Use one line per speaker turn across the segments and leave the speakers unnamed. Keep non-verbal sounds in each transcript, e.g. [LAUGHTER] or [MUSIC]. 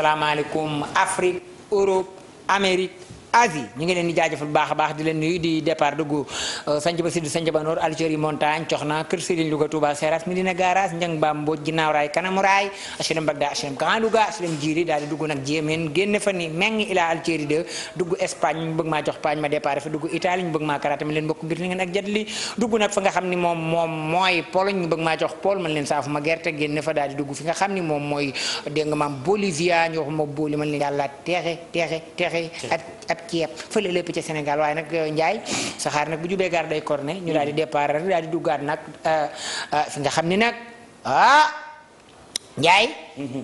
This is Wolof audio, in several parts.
salaamaaleykum Afrique Europe Amérique Asie ñu ngi leen di jaajëfal bu baax a baax di leen nuyu di départ dugg euh, sanc ba Algérie montagne coxna kër Serigne Louga Touba Seras Medina garage Njang Ba Mbodj ginnaaw raay kanamu raay HLM Bagdad HLM Grand Louga HLM Jiri daal di dugg nag Jéemen génn fa ni mengi ila Algérie ma départ fa dugg Italie ñu bëgg maa karaté ma leen bokk nga xam ni moom moom mooy Pologne ñu bëgg maa jox Pol man leen saafu ma gerte génn fa daal di dugg fi nga xam ni moom mooy dégg nga maam Bolivia ñu waxuma Boli man leen yàlla teexe teexe teexe ak ceeb fële lépp ci senegal waaye nag euh, Ndiaye saxaar nag bu jubee gaar day corne ñu daal di départ rek daal di duggaat nag euh, euh, fi nga xam ni nag ah Ndiaye mhm.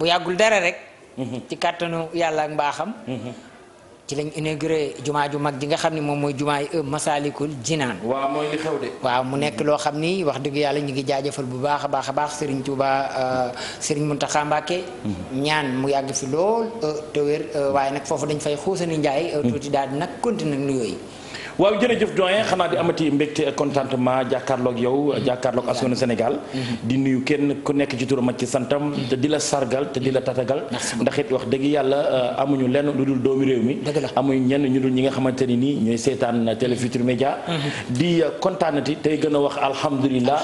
bu yàggul dara rek mhm. ci kàttanu yàlla mbaaxam mhm. ci lañ inauguré jumaa ju mag ji nga xam ne moom mooy jumaa yi euh, Masaalikul Jinaan waaw mooy li xew de. waaw mu nekk loo xam ni wax dëgg yàlla ñu ngi jaajëfal bu baax a baax a baax Serigne Touba euh, Serigne Mountakha Mbacké mhm. ñaan mu yàgg fi lool euh, te waaye nag foofu dañ fay xuusani njaay mhm. tuuti daal di nag continué yooyu
waaw jërëjëf doyen xanaa di amati mbégte ak contentement jàkkaarloog yow jàkkaarloog askanu Sénégal di nuyu kenn ku nekk ci turam ak ci di la sargal te di la tatagal ndax it wax dëgg yàlla euh, amuñu lenn lu dul doomi réew mi amuñu ñenn ñu dul ñi nga xamante ni nii ñooy seetaan Télé Futurs Médias mm-hmm. di euh, kontaanati tey gën a wax alhamdulilah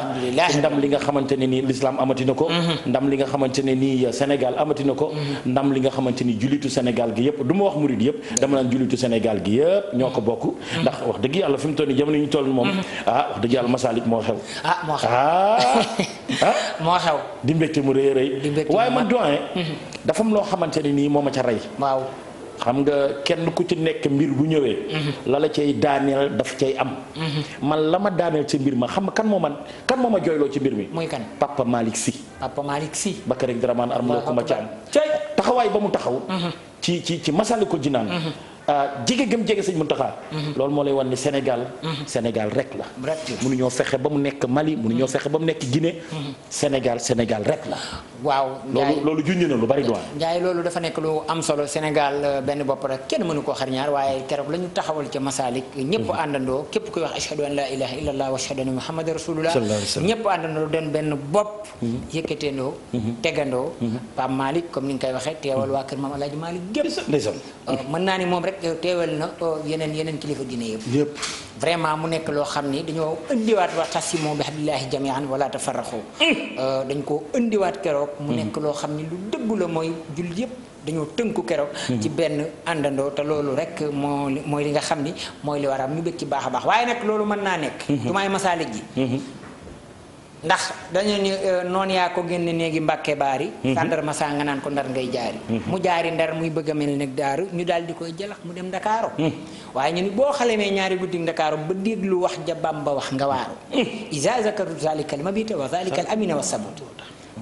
ndam li nga xamante ne nii l'islam amati na ko mm-hmm. ndam li nga xamante ne nii euh, Sénégal amati na ko mm-hmm. ndam li nga xamante ni julitu Sénégal gi yëpp du ma wax murid yëpp dama naan julitu Sénégal gi yëpp ñoo ko bokk ndax wax dëgg yàlla fi mu toll nii jamono yi ñu toll moom. Mm-hmm. ah wax dëgg yàlla Masalik moo xew. ah moo xew ah. [LAUGHS] moo xew. di mbégte mu rëy rëy. waaye man doyen. Mm-hmm. dafa am loo xamante nii moo ma ca rey. xam nga kenn ku ci nekk mbir bu ñëwee. Mm-hmm. la la cay daaneel daf cay am. man la ma daaneel ci mbir ma xam nga kan moo man kan moo ma jooyloo ci mbir mi. muy kan Papa Malick Sy. Papa Malick Sy. Bakary Dramane Armando Kouma Thiam. taxawaay ba mu taxaw. ci ci ci Jinaan. Euh, jege gëm jege sëñ Muntaxa mhm. loolu moo lay wan ni Sénégal mhm. Sénégal rek la mënu ñoo fexe ba mu nekk Mali mënu ñoo mhm. fexe ba mu nekk Guinée Sénégal Sénégal rek
la waaw loolu loolu junj na lu bari doon Njaay loolu dafa nekk lu am solo Sénégal euh, benn bopp rek kenn mënu koo xar waaye keroog la ñu taxawal ca Masalik ñëpp àndandoo képp koy wax ashhadu an la ilaha illallah wa ashhadu anna muhammadan rasulullah ñëpp àndandoo doon benn bopp yëkkateendoo tegandoo Pape Malick comme ni nga koy waxee teewal waa kër Maam Alaaji Malick rek teewal na yeneen yeneen kilifa diine yëpp. yëpp vraiment mu nekk loo xam ni dañoo indiwaat wa'tasimu bi hablillahi jami'an wala tafarraqu mm. euh, dañ ko indiwaat keroog. mu mm. nekk loo xam ni lu dëgg mooy jul yëpp. dañoo tënku keroog. Mm-hmm. ci benn àndandoo te loolu rek moo mooy li nga xam ni mooy li waram ñu bëgg ci baax a baax waaye nag loolu mën naa nekk. Mm-hmm. du maay masaalik ndax dañu ni euh, noonu yaa ko génne néegi mbàkke baari sàndarma mhm. saa nga naan ko ndar ngay jaari mhm. mu jaari ndar muy bëgg a mel nag daaru ñu daal di koy jëlax mu dem ndakaaro mhm. waaye ñu ni boo xalemee ñaari guddi ndakaaro ba déglu wax ja Bàmba wax nga waaru isa zakartu zalikal mabita wa zalikal amina wa sabut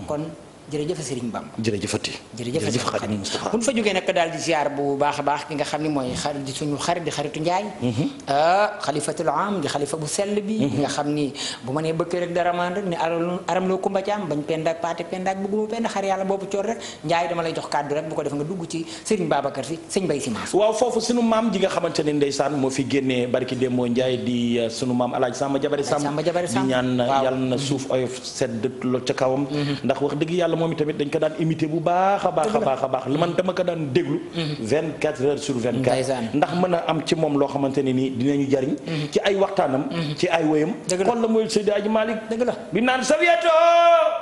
kon jërëjëf Serigne Bamba
jërëjëfati jër Xadim Moustapha bu ñu fa
jógee nag daal di ziar bu baax a baax ki nga xam ne mooy xarit di suñu xarit di xaritu Njaay mhm. ah, xalifatul am di bu sell bi mhm. nga xam ni bu ma nee bëkk rek dara maan rek ne aram loo kumba caam bañ pend ak paate pend ak bëgguma pend xar yàlla boobu coor rek Njaay dama lay jox kàddu rek bu ko def nga dugg ci Serigne Babacar si sëñ Bay si maas waaw
foofu sunu maam ji nga xamante ne ndeysaan moo fi génnee barki démoo Njaay di uh, sunu maam alaaj Samba Jabari Samb di ñaan uh, yàlla na suuf oyof sedd lool ca kawam mhm. ndax wax dëgg yàlla yàlla moom itamit dañ ko daan imité bu baax a baax a baax a man dama ko daan déglu mm-hmm. vingt quatre heures sur vingt quatre ndax mën a am ci moom loo xamante ne nii dinañu jariñ mm-hmm. ci ay waxtaanam mm-hmm. ci ay woyam kon la mooy Seydi Aji Malick dëgg la bi naan sawiato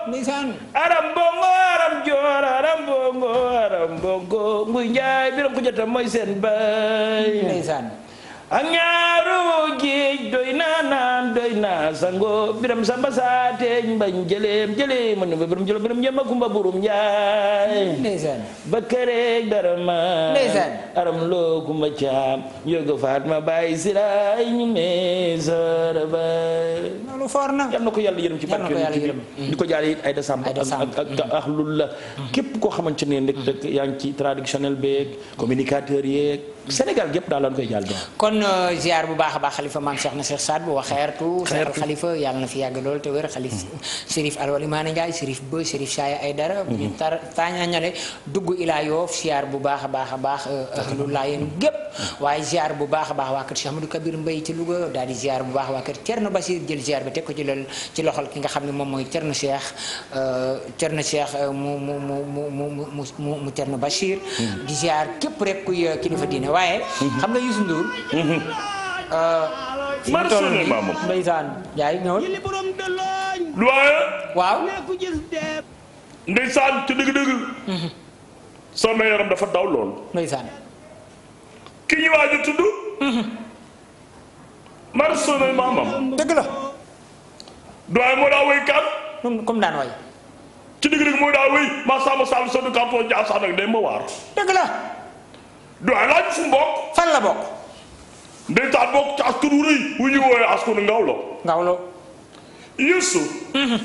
ndeysaan aram bongo aram joor aram bongo aram bongo nguy njaay biram ko jotam mooy seen bay ndeysaan ak ñaaru géej doy naa naan doy naa sango biram samba saateeñ mbañ jëleem jëlee ma numba biram jëlo biram jëmma kumba burum njaay ba këreeg dara ma aram loo kumba caam yooga faat ma bàyyi siraay ñu mee sara bay loolu foor na yal na ko yàlla yërëm ci barke di ko jaale it ay décembre ak ak ak lul la mm. képp koo xamante ne rek yaa ngi ci traditionnel beeg communicateur yeeg Sénégal gépp daal lañ koy jàll doon.
kon euh, ziar bu baax a baax xalifa maam Cheikh na Cheikh Saad bu waxeertu. xeertu xalifa yàlla na fi yàgg lool te wér. xalif mm. Chérif Alwali Maane Ndiaye Chérif Ba Chérif Saaya Aydara. bu ñu mm-hmm. tar taañañale dugg Ilaa Yoof ziar bu baax a baax a baax. Euh, lu laayeen gépp mm. waaye ziar bu baax a baax waa kër Cheikh Amadou Kabir Mbaye ci Louga daal di ziar baax waa kër Thierno Basir jël ziar bi teg ko ci lool ci loxol ki nga xam ne moom mooy Thierno Cheikh euh, Thierno Cheikh mu mu mu mu mu mu mu Thierno Basir. Mm. di ziar képp rek kuy kilifa diine waaye. Mhm. xam nga Youssou Ndour. maa toll nii maa moom ndeysaan jaay ñëwal. waaye. waaw.
ndeysaan ci dëgg-dëgg. Mhm. sama yaram dafa daw lool. ndeysaan. ki ñu waaj a tudd. maa sonal maa dëgg la. doyen moo daa wéy kan. comme daan way ci dëgg-dëgg moo daa wéy maa sàmm sàmm sa du kàmpoo Ndiassane ak day ma waar. dëgg la. du laaj fu mu bokk. fan la bokk. ndeysaan bokk ci askan wu rëy wu ñuy woowee askanu Ngawlo. Ngawlo. Youssou. Mhm.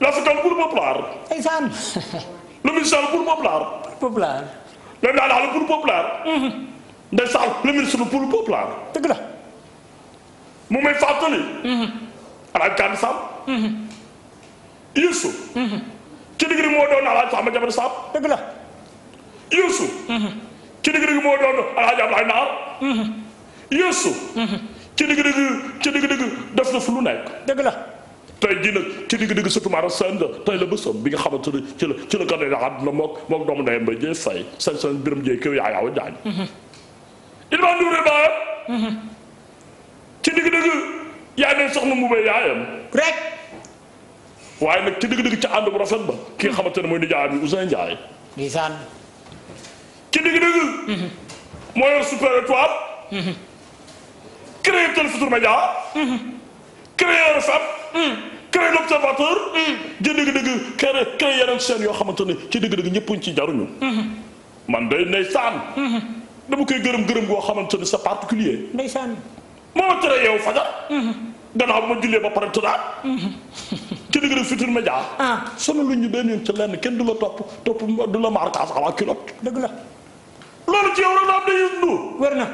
l'Africain pour Populaire. ndeysaan. [LAUGHS] le ministère pour Populaire. Populaire. le Ndadaal pour Populaire. Mhm. ndeysaan le ministre pour Populaire. dëgg la. mu may fàttali. Mhm. alaaj Kane Samb. Youssou. ci digg moo doon alaaj Samba Jabar Samb. dëgg la. Youssou. ci dëgg-dëgg moo doon alaaji Ablaay naar mm-hmm. Yeesu mm-hmm. ci dëgg-dëgg ci dëgg-dëgg def na fu lu nekk dëgg la tey la tey bi nga xamante ni ci la ci la gane na àdduna mook mook doomu ndeyam ba jëy fay seen seen biram jëy kéw yaa yaaw jaañ mm-hmm. il ma nduure baayam ci dëgg-dëgg yaa ne soxna mu bay yaayam rek waaye nag ci dëgg-dëgg ci ànd bu rafet ba ki nga xamante ne mooy nijaay bi Ousin Ndiaye ci dëgg-dëgg. moo yor super étoile. créateur Futurs Médias. créateur FAP. créé l'observateur. ci dëgg-dëgg créé créé yeneen chaîne yoo xamante ne ci dëgg-dëgg ñëpp ñu ci jaruñu. man day ndeysaan. dama koy gërëm gërëm goo xamante ne c'est particulier. ndeysaan. moo tere yow fajar. gannaaw ma jullee ba pare tëddaat. ci dëgg-dëgg Futurs Médias. ah sonal ñu benn yoon ci lenn kenn du la topp topp du la maar kaas xalaat dëgg la. loolu ci yow la am dañuy dund. wér na.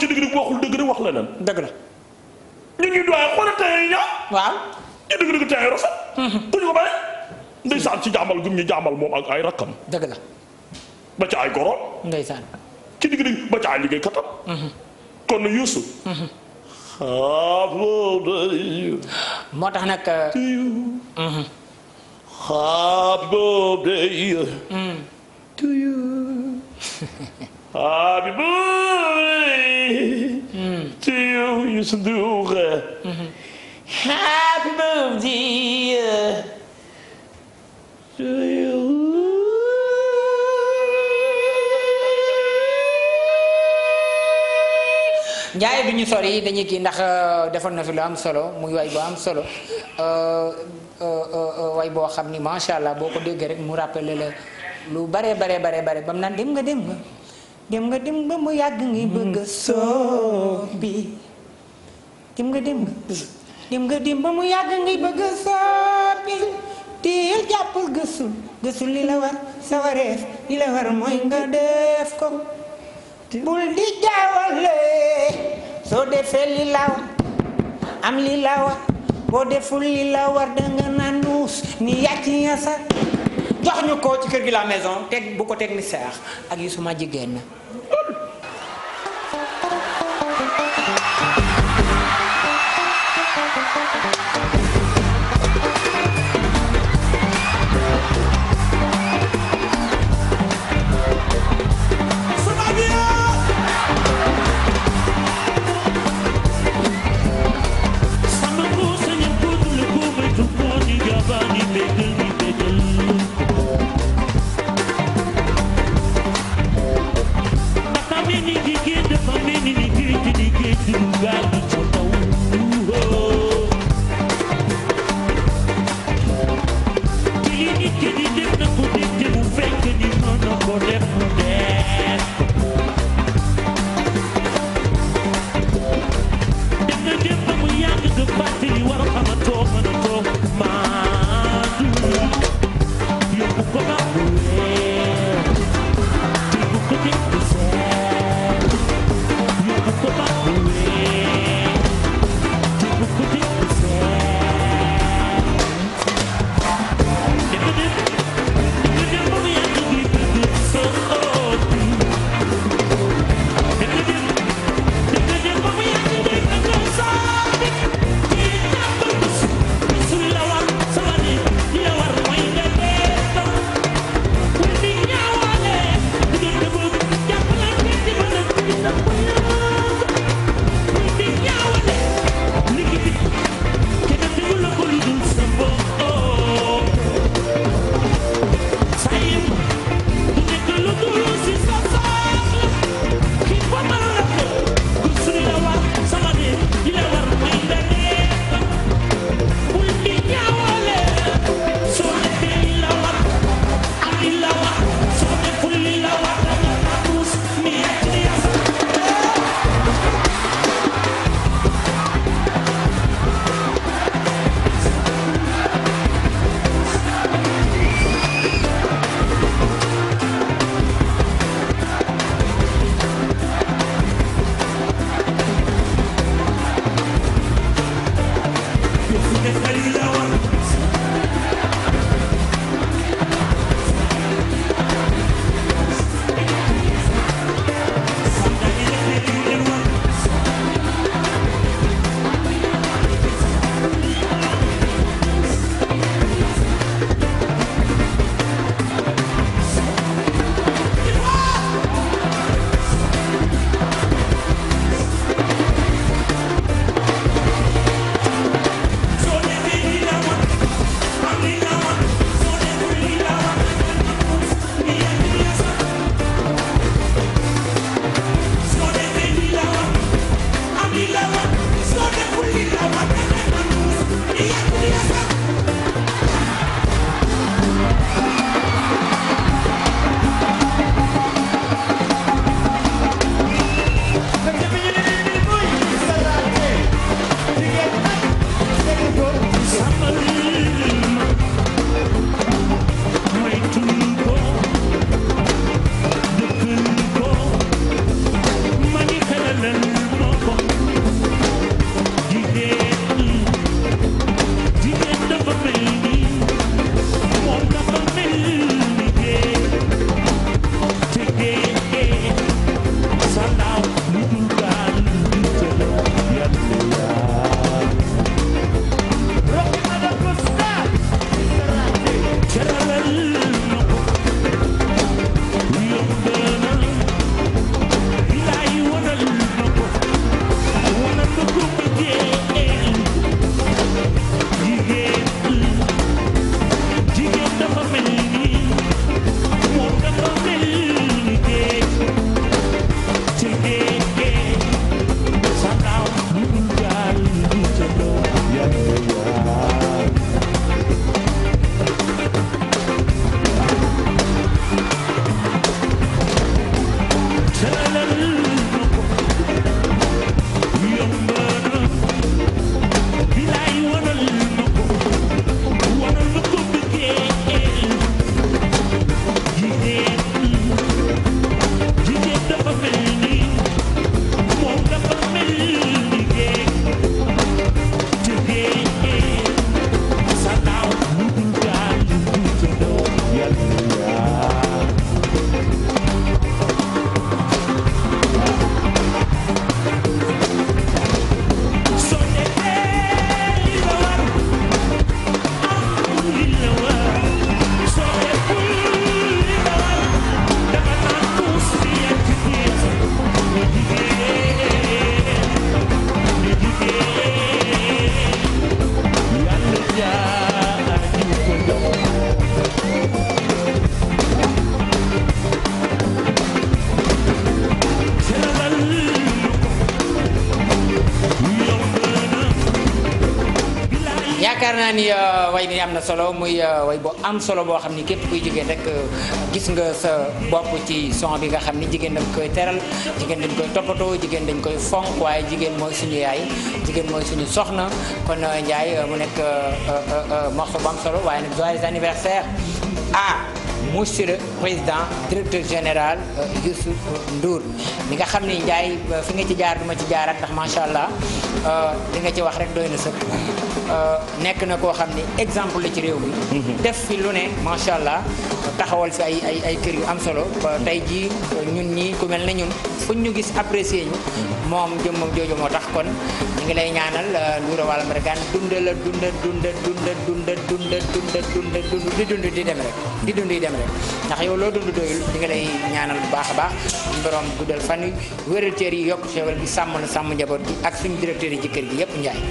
ci digg rek waxul dëgg rek wax leneen. dëgg la. ñu ngi doy xoolal tey yi ñaaw. waaw. ñu dëgg dëgg tey rafet. Mm-hmm. bu ñu ko bàyyi. ndeysaan ci jàmbal gum ñu jàmbal moom ak ay rakkam. dëgg la. ba ca ay goroom. ndeysaan. ci digg rek ba ca ay liggéey katam. Mm-hmm. kon Youssou. Mm-hmm. moo tax nag. happy euh, Happy
birthday to you, you Sandour. Happy birthday
Njaay bi ñu sori dañuy kii ndax euh, defoon na fi lu am solo muy waay bu am solo euh, euh, waay boo xam ni macha allah boo ko déggee rek mu rappelé lu bare bare bare bare bam naan dem nga dem nga dem nga dem nga mu yàgg ngi bëgg soobi dem nga dem nga dem nga dem ba mu yàgg ngi bëgg soobi teel jàppal gësul gësul li la war sa wareef li la war mooy nga def ko bul di jaawale soo defee li la war am li la war boo deful li la war danga naan nuus ni yàcc ya sax jox ñu ko ci kër gi la maison teg bu ko teg ni seex ak yi suma jigéen ni euh, way ni am na solo muy euh, way bu am solo boo xam ni képp kuy jigéen rek euh, gis nga sa bopp ci son bi nga xam ni jigéen dañ koy teral jigéen dañ koy toppatoo jigéen dañ koy fonk waaye jigéen mooy suñu yaay jigéen mooy suñu soxna kon njaay mu nekk morceau bu am solo waaye nag joyeux anniversaire ah monsieur le président directeur général Youssou Ndour li nga xam ni Ndiaye fi nga ci jaar duma ci jaaraat ndax macha allah. Euh, li nga ci wax rek doy na sëkk euh, nekk na koo xam ne exemple la ci réew mi mhm. def fi lu ne macha allah taxawal fi ay ay kër yu am solo ba ji ñun ñi ku mel na ñun fuñ ñu gis apprécier ñu mhm. moom jëmmam jooju moo tax kon ñu ngi lay ñaanal euh, Ndoura Wala Mbargane dunda la dunda dunda dunda dunda dunda dunda dunda dund di dund di dem rek di dund di dem rek ndax yow loo dund doyul ñu ngi lay ñaanal bu baax a baax suñu borom guddal fan yi wéral teer yi yokk xéwal gi sàmm la sàmm njaboot gi ak suñu directeur yi ci kër gi yëpp Ndiaye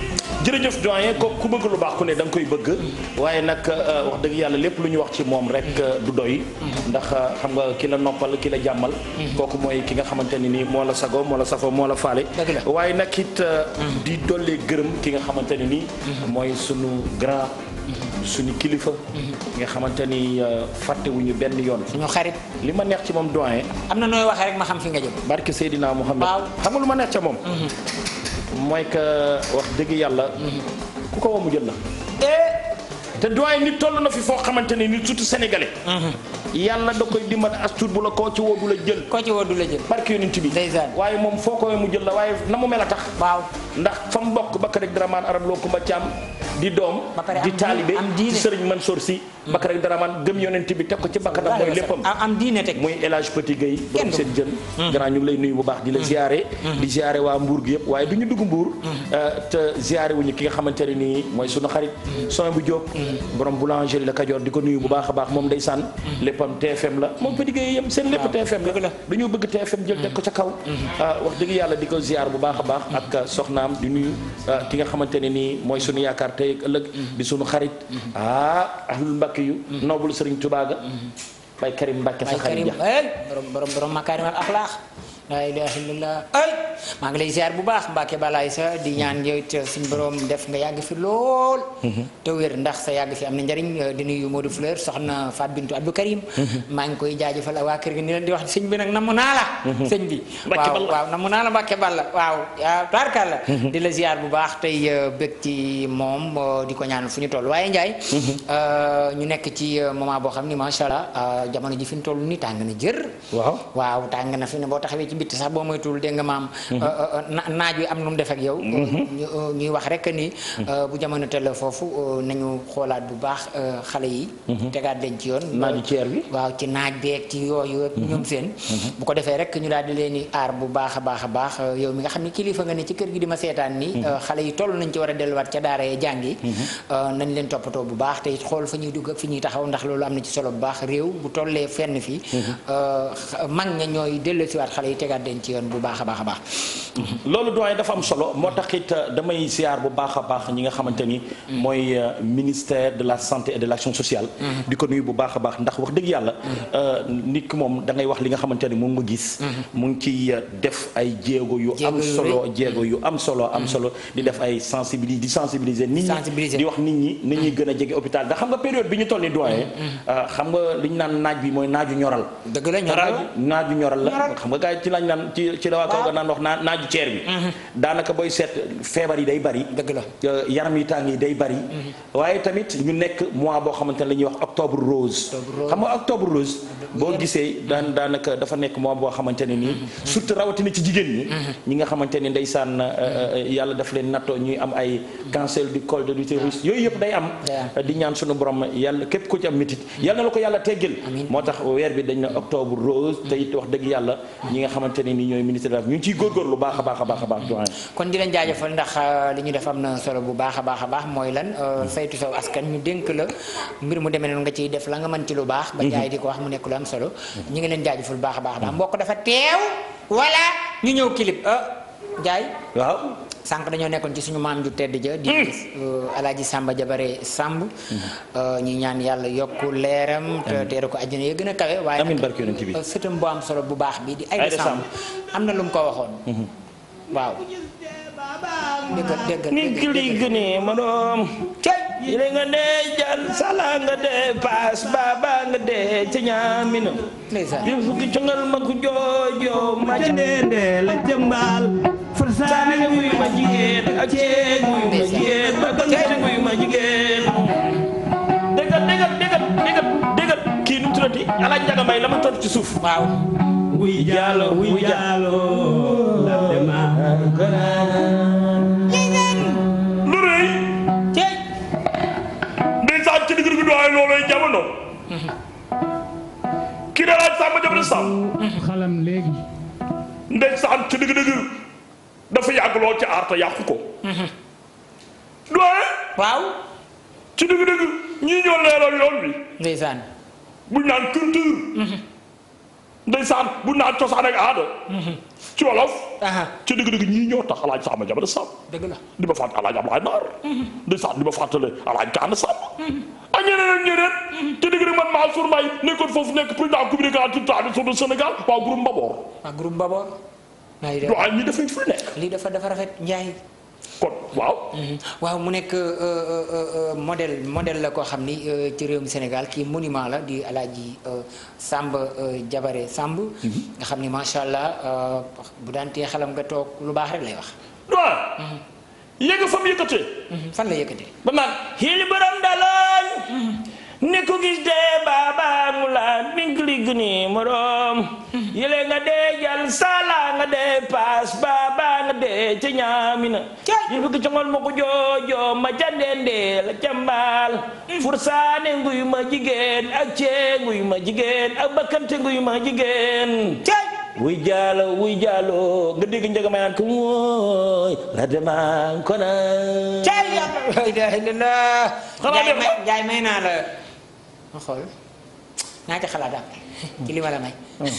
jërëjëf
doyen ko ku bëgg lu baax ku ne da koy bëgg
waaye nag euh, wax dëgg yàlla lépp lu ñu wax ci moom rek
euh, du doy ndax euh, xam nga ki la noppal ki la jàmmal kooku mooy ki nga xamante ne ni moo la sago moo la safo moo la faale waaye nag it mm-hmm. di dollee gërëm ki nga xamante ne ni mm-hmm. mooy sunu grand mm-hmm. suñu kilifa. nga xamante ni fàttewuñu benn yoon. suñu xarit. li ma neex ci moom doyen. am na nooy waxee rek ma xam fi nga jëm. barke Seydina Mouhamed. waaw xam nga lu ma neex ca moom. mooy que wax dëgg yàlla. ku ko woo mu jël la. Eh, te doyen nit toll na fi foo xamante ne ni surtout sénégalais. Mhm. yàlla da koy dimbal as bu la koo ci woo du la jël. koo ci woo du la jël. barke bi. waaye moom foo ko mu jël la waaye na mu mel a tax. waaw ndax fa mu bokk Bakary Dramane arab loo Kumba am di doom. di taalibe ci Serigne Mansour si. Mhm. Bakary Dramane gëm yonent bi teg ko ci bakkanam mooy léppam. am diine teg muy El Hadj Petit Gueye. borom seen jën. Mhm. grand ñu ngi lay nuyu bu baax di la ziare. di ziare waa Mbour yëpp waaye du ñu dugg Mbour. Euh, wuñu ki nga xamante ne nii mooy sunu xarit. Sonia bu Diop borom boulangerie la Kajoor di ko nuyu bu baax a baax moom ndeysaan léppam TFM la moom pédigéeyam seen lépp TFM la dañoo bëgg TFM jël teg ko ca kaw mm-hmm. Mm-hmm. Ah, wax dëgg yàlla di ko ziar bu baax a baax ak mm-hmm. soxnaam di nuyu ah, ki nga xamante ne nii mooy suñu yaakaar tey ak ëllëg di suñu xarit ah ahlul mbakki yu nobul sëriñ Tuubaa ga bay Karim Mbàkke sa xarit ja
eh, laa ilaaha maa ngi lay ziar bu baax Mbacke Balaye sa di ñaan yow it uh, suñu borom def nga yàgg fi lool. Mm-hmm. te wér ndax sa yàgg fi am na njëriñ uh, di nuyu Modou Fleur soxna Fat Bintu Abdou Karim. Mm-hmm. maa ngi koy jaajëfal waa kër gi ni leen di wax bi nag namu naa la. Mm-hmm. sëñ bi waaw waaw namu naa la Mbacke Balla waaw taarkaal di la ziar bu baax tey uh, bëgg ci moom di ko ñaan fu ñu toll waaye Ndiaye. ñu nekk ci moment boo xam ni macha allah jamono ji fi ñu toll nii tàng na jër. waaw tàng na fi ne boo taxawee ci bitti sax boo moytuwul dégg nga maam. Mhm. Euh, euh, naaj wi am nu mu yow. Mhm. Euh, ñuy wax rek ni. Mhm. bu jamono teel foofu nañu xoolaat bu baax xale yi. tegaat leen ci yoon. naaju ceer bi waaw ci naaj beeg ci yooyu ak ñoom seen. bu ko defee rek ñu daal di leen di aar bu baax a baax a baax yow mi nga xam ne kilifa nga ne ci kër gi di ma seetaan ni. xale yi toll nañ ci war a delluwaat ca daara ya jàngi. nañ leen toppatoo bu baax tey xool fa ñuy dugg fi ñuy taxaw ndax loolu am na ci solo bu baax réew tegaat den ci yoon bu a baax a baax.
loolu doyen dafa am solo moo tax euh, a baax ñi nga mm. euh, la santé et de l'action sociale. Mm. di ko nuyu bu baax a baax ndax wax dëgg yàlla. Mm. Euh, nit ki moom li nga xamante ni moom nga gis. mu ngi ciy def ay jéego yu. am solo jéego yu am solo am solo. di def ay sensibiliser di nit ñi di wax nit ñi nit ñi gën a jege hôpital ndax xam nga période bi ñu toll ni doyen. xam nga li ñu naan naaj bi mooy naaju ñoral. dëgg la lañ naan ci ci la waa kaw ga naan wax naa naaju ceer bi mhm. daanaka booy seet feebar yi day bari dëgg la yaram yi tàng yi day bari mhm. waaye tamit ñu nekk mois boo xamante ne la ñuy wax octobre rose xam boo gisee daan daanaka dafa nekk mois boo xamante ne nii mhm. surtout rawatina ci jigéen ñi ñi nga xamante ni ndeysaan euh, euh, yàlla daf leen nattoo ñuy am ay cancer du col de l'utérus yooyu yëpp day am di ñaan suñu borom yàlla képp ku ci am métit yàlla na la ko yàlla teggal moo tax weer bi dañ na octobre rose te wax dëgg yàlla xamante ne ni ñooy ministre de la ñu ngi ciy góorgóorlu lu baax a baax a baax a baax doyen
kon di leen jaajëfal ndax euh, li ñu def am na solo bu baax a baax a baax mooy lan euh, mm-hmm. saytu saw askan ñu dénk la mbir mu demee na nga ciy def la nga mën ci lu baax ba mm-hmm. jaay di ko wax mu nekk lu am solo mm-hmm. ñu ngi leen jaajëfal baax a baax a baax mbokk dafa teew wala ñu ñëw clip jaay euh, waaw sànq dañoo nekkoon ci suñu maam ju tedd ja di mm. euh, alaaji Samba Jabare Samb mm-hmm. euh, ñuy ñaan yàlla yokk leeram te teeru ko àjjana ya gën a kawe waaye euh, sëtam bu am solo bu baax bi di Aïda Samb am na lu mu ko waxoon mm-hmm. waaw nit ki li gënee ma
doom nga dee jal sala nga dee paas baaba nga dee ca ñaamina di fukki congal ma ku joojoo ma ca dee
la jëmbaal Farsane muy ma jigéen ak ceeb muy ma jigéen Maguette muy ma jigéen. dégg nga dégg nga dégg nga dégg nga
kii nu mu tuddati Alaaji Njaga Mbay la ma tontu ci suuf waaw. wuy jàllo wuy jàllo laajte maa gën lu rëy.
ceeb. ndeysaan ci digg bi doy looloy jamono. kii da laaj sàmm jamono sàmm. xalam léegi. ndeysaan ci digg digg. dafa yàgg lool ci aar te ko. doyen. waaw. ci dëgg-dëgg ñii ñoo leeral yoon bi. ndeysaan. buñ naan culture. Mhm. ndeysaan buñ naan cosaan ak aada. Mhm. ci wolof. ci dëgg-dëgg ñii ñoo tax alaaj Samba Jabate Samb. dëgg la di ma fàttali alaaj Ablaay Naar. Mhm. ndeysaan di ma fàttali alaaj Kaana Samb. ak ñeneen ak ñeneen. ci dëgg-dëgg man Mansour Mbaye nekkoon foofu nekk président communicateur bi sur le Sénégal waaw groupe Mbabor. waaw ah, groupe Mbabor.
waaw lii dafa dafa rafet Ndiaye. kon waaw. Mhm. waaw mu nekk euh, euh, euh, modèle model la koo xam ni ci réewum Sénégal kii monument la di alaaji Samba Jabare Samb. Mhm. nga xam ni macha allah bu daan tee xelam nga toog lu baax rek lay wax.
waaw. Mhm. yéeg fa mu yëkkatee. fan la yëkkatee. ba naan. xili baram dalaan. ne ko gis dee dégg ni moroom nga dee jal sala nga dee
paas baaba nga dee ca ñaamina ñu fukki congoon ma ko joojoo ma ca dendee la ca mbaal mm. nguy ma jigéen ak cee nguy ma jigéen ak bakkante nguy ma jigéen wuy jaalo wuy nga dégg njëga may naan ko mooy la demaan ko
jaay may la ma xool naa ci ci ma la may mm.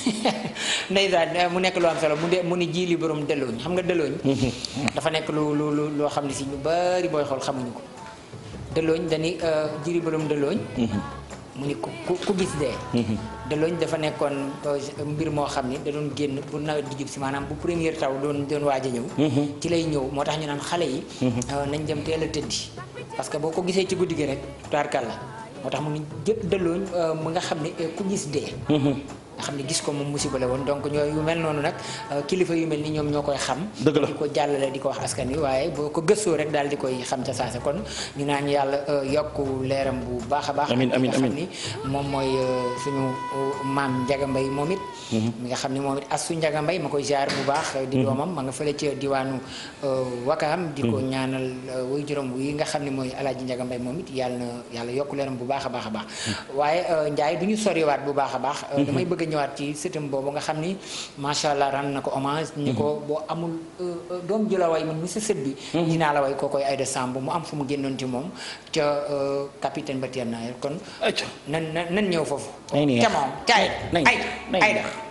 ndeysaan mu nekk lu am solo mu de mu ni ji li borom dëlooñ xam nga dëlooñ
mm-hmm.
dafa nekk lu lu lu loo xam ne si ñu bari booy xool xamuñu ko dëlooñ dañi euh, jiri borom dëlooñ mm-hmm. mu ni ku ku gis de mm-hmm. dëlooñ dafa nekkoon euh, mbir moo xam ni da doon génn bu nawet di jub si maanaam bu première taw doon doon waaj a ñëw ci lay ñëw moo tax ñu naan xale yi euh, nañ dem teel a tëddi parce que boo ko gisee ci guddi gi rek tubaarkàlla moo tax mu ngi jë dëllooñ euh, mu nga xam ne euh, ku gis dee mm-hmm. nga xam ne gis ko moom musiba la woon donc ñooy yu mel noonu nag euh, kilifa yu mel ni ñoom ñoo koy xam di ko jàllale di ko wax askan wi waaye boo ko gëstoo rek daal di koy xam euh, leeram bu baax a baax amiin amiin amiin nga xam ni moom mooy euh, suñu maam Njaga Mbay moom it mm-hmm. mi nga xam ne moom it Astu Njaga Mbay ma koy jaar bu baax di mm-hmm. doomam ma nga fële ca diwaanu Wakaam di ko mm-hmm. ñaanal way juróom wi nga xam ne mooy Alaaji Njaga Mbay moom it yàlla na yàlla yokk leeram bu baax a baax a baax waaye Njaay du soriwaat bu baax a baax damay bëgg a ñëwaat ci sëtam boobu nga xam ni macha allah rend na ko hommage. ni ko mhm. boo amul euh, euh, doom ju la way man monsieur sët bi. dinaa mhm. la way kookoy Aïda Samb mu am fu mu génnoon ci moom ca euh, capitaine ba teel naa kon. nan nan nan ñëw foofu. ca moom ca Aïda Aïda.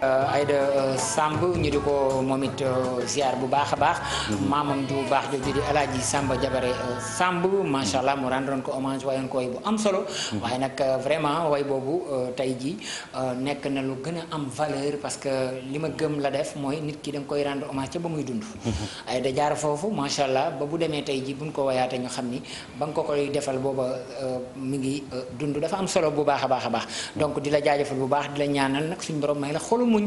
Euh, Aïda euh, Samb ñu di ko moom it euh, ziar bu baax a baax mhm. maamam ju baax jooju di alaaji Samba Jabare Samb macha allah mu rendoon ko hommage waayoon ko way bu am solo mhm. waaye nag vraiment way boobu tey jii nekk na lu gën a am valeur parce que li ma gëm la def mooy nit ki da koy rendre hommage ca ba muy dund mhm. Aïda jaar foofu macha allah ba bu demee tey jii buñ ko wayaate ñu xam ni ba nga ko koy defal booba mu ngi dund dafa am solo bu baax a baax a baax donc di la jaajëfal bu muñ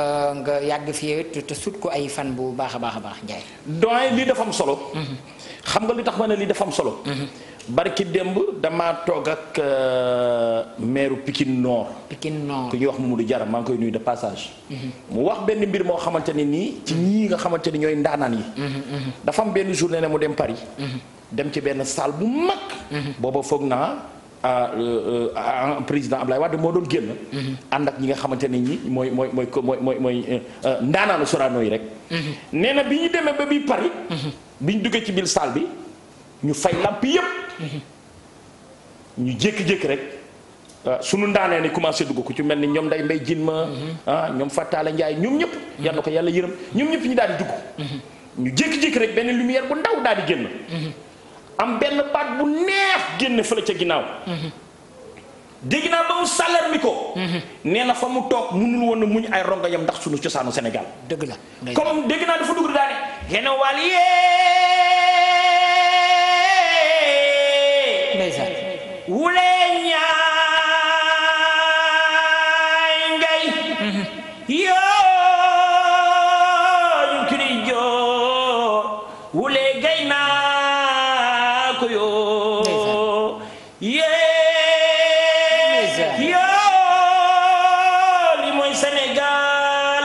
euh, nga yàgg fi te sut ko ay fan bu baax a baax a baax Ndiaye.
doyen lii dafa am solo. xam nga li tax ma ne li dafa am solo. Mhm. barki démb dama toog ak euh, maire Pikine Nord. Pikine Nord ku ñuy wax Mamadou Diarra maa koy nuyu de passage. Mhm. mu wax benn mbir moo xamante ne nii ci ñii nga xamante ñooy ndaanaan yi. Mhm, dafa benn journée ne mu dem Paris. dem ci benn salle bu mag. booba foog naa. a euh, euh, président Ablaye Wade moo doon génn. ànd ak ñi nga xamante ne ñi mooy mooy mooy mooy mooy euh, ndaanaanu Sorano yi rek. nee na bi ñu demee ba biir Paris. bi ñu duggee ci biir saal bi ñu fay làmp yëpp. ñu jékki-jékki rek sunu ndaanee ni commencé dugg ko ci mel ni ñoom nday mbay jin ma. ah ñoom fàttale njaay ñoom ñëpp. yal na ko yàlla yërëm ñoom ñëpp ñu daal di dugg. ñu jékki-jékki rek benn lumière bu ndaw daal di génn. am benn baat bu neex génn fële ca ginnaaw. dégg naa ba mu salaire ko. nee na fa mu toog munul woon na muñ ay rongoñam ndax sunu cosaanu Sénégal. dëgg la
comme dégg naa dafa dugg daane. yéen a wàll yee. ndeysaan yoo li mooy Sénégal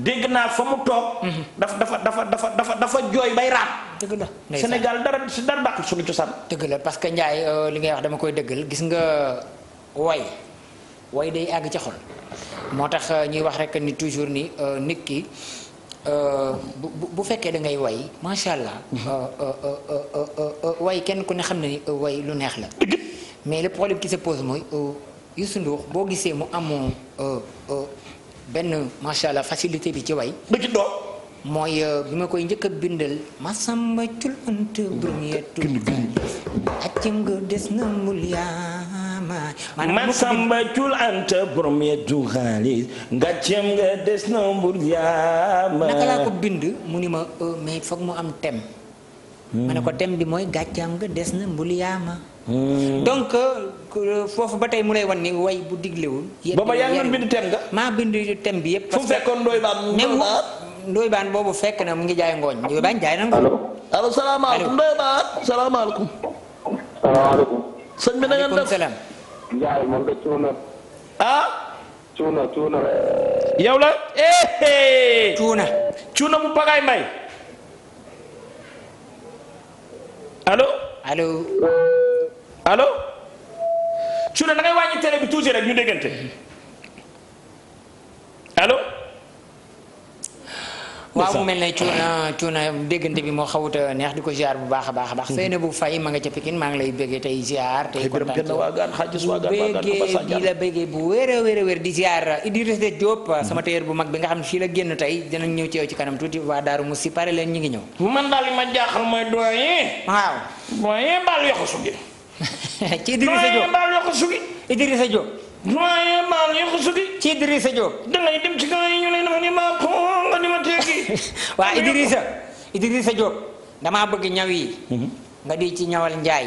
dégg naa fa mu
toog dafa dafa dafa dafa dafa dafa jooy bay raat dëgg na Sénégal
dara dara dàqul suñu cosaan dëgg la parce que Ndiaye euh, li ngay wax dama koy dëggal gis nga way woy day àgg ci xol moo tax euh, ñuy wax rek ni toujours ni euh, nit ki Euh, bu bu fekkee da ngay way macha allah. Mhm. Euh, euh, way kenn ku ne xam ne ni way lu neex la. mais le problème qui se pose mooy Youssou Ndour boo gisee mu amoon benn macha allah facilité bi ci way. ba ci doo. mooy euh, bi ma koy njëkk a bindal masamba cul des na mbul yaama
masamba cul ënt burum yetu xaalis nga des na mbul yaama naka laa ko
bind mu ni ma euh, mais foog mu am thème ma ko thème bi mooy gàccaam nga des na mbul yaama hmm. donc euh, foofu ba tey mu lay wan ni way bu diglewul booba yaa ngi doon bind thème nga maa bind thème bi yëpp fu fekkoon doy baa Ndoye Bane boobu fekk na mu ngi jaay ngooñ Ndoye Bane jaay na ngooñ. allo allo salaamaaleykum Ndoye Bane salaamaaleykum. salaamaaleykum. sëñ bi na ngeen def maaleykum salaam.
Ndiaye moom de cuuna.
ah. cuuna cuuna. yow la. Eh, eh. cuuna. cuuna mu pagaay mbay. allo. allo. allo. cuuna da ngay wàññi télé bi toujours rek ñu déggante.
allo. waaw mu mel ne cuuna cuuna déggante bi moo xawut a neex di ko ziar bu baax a baax a baax hmm. sëy na bu fay ma di la béggee bu wér a wér a di ziar Idrissa Diop hmm. sama tuuti waa Daaru Musi pare leen ñu ngi ñëw
man daal ma jaaxal mooy doyen waaw doyen baal yokku sugi
[LAUGHS] ci Idrissa Diop doyen
baal yokku sugi Idrissa Diop
doyen baal yokku sugi ci Idrissa Diop da ngay dem ci gars yi ñu lay dafa ne maa [LAUGHS] waaw Idrissa Idrissa Diop damaa bëgg ñaw yi. Mm-hmm. nga di ci ñawal njaay.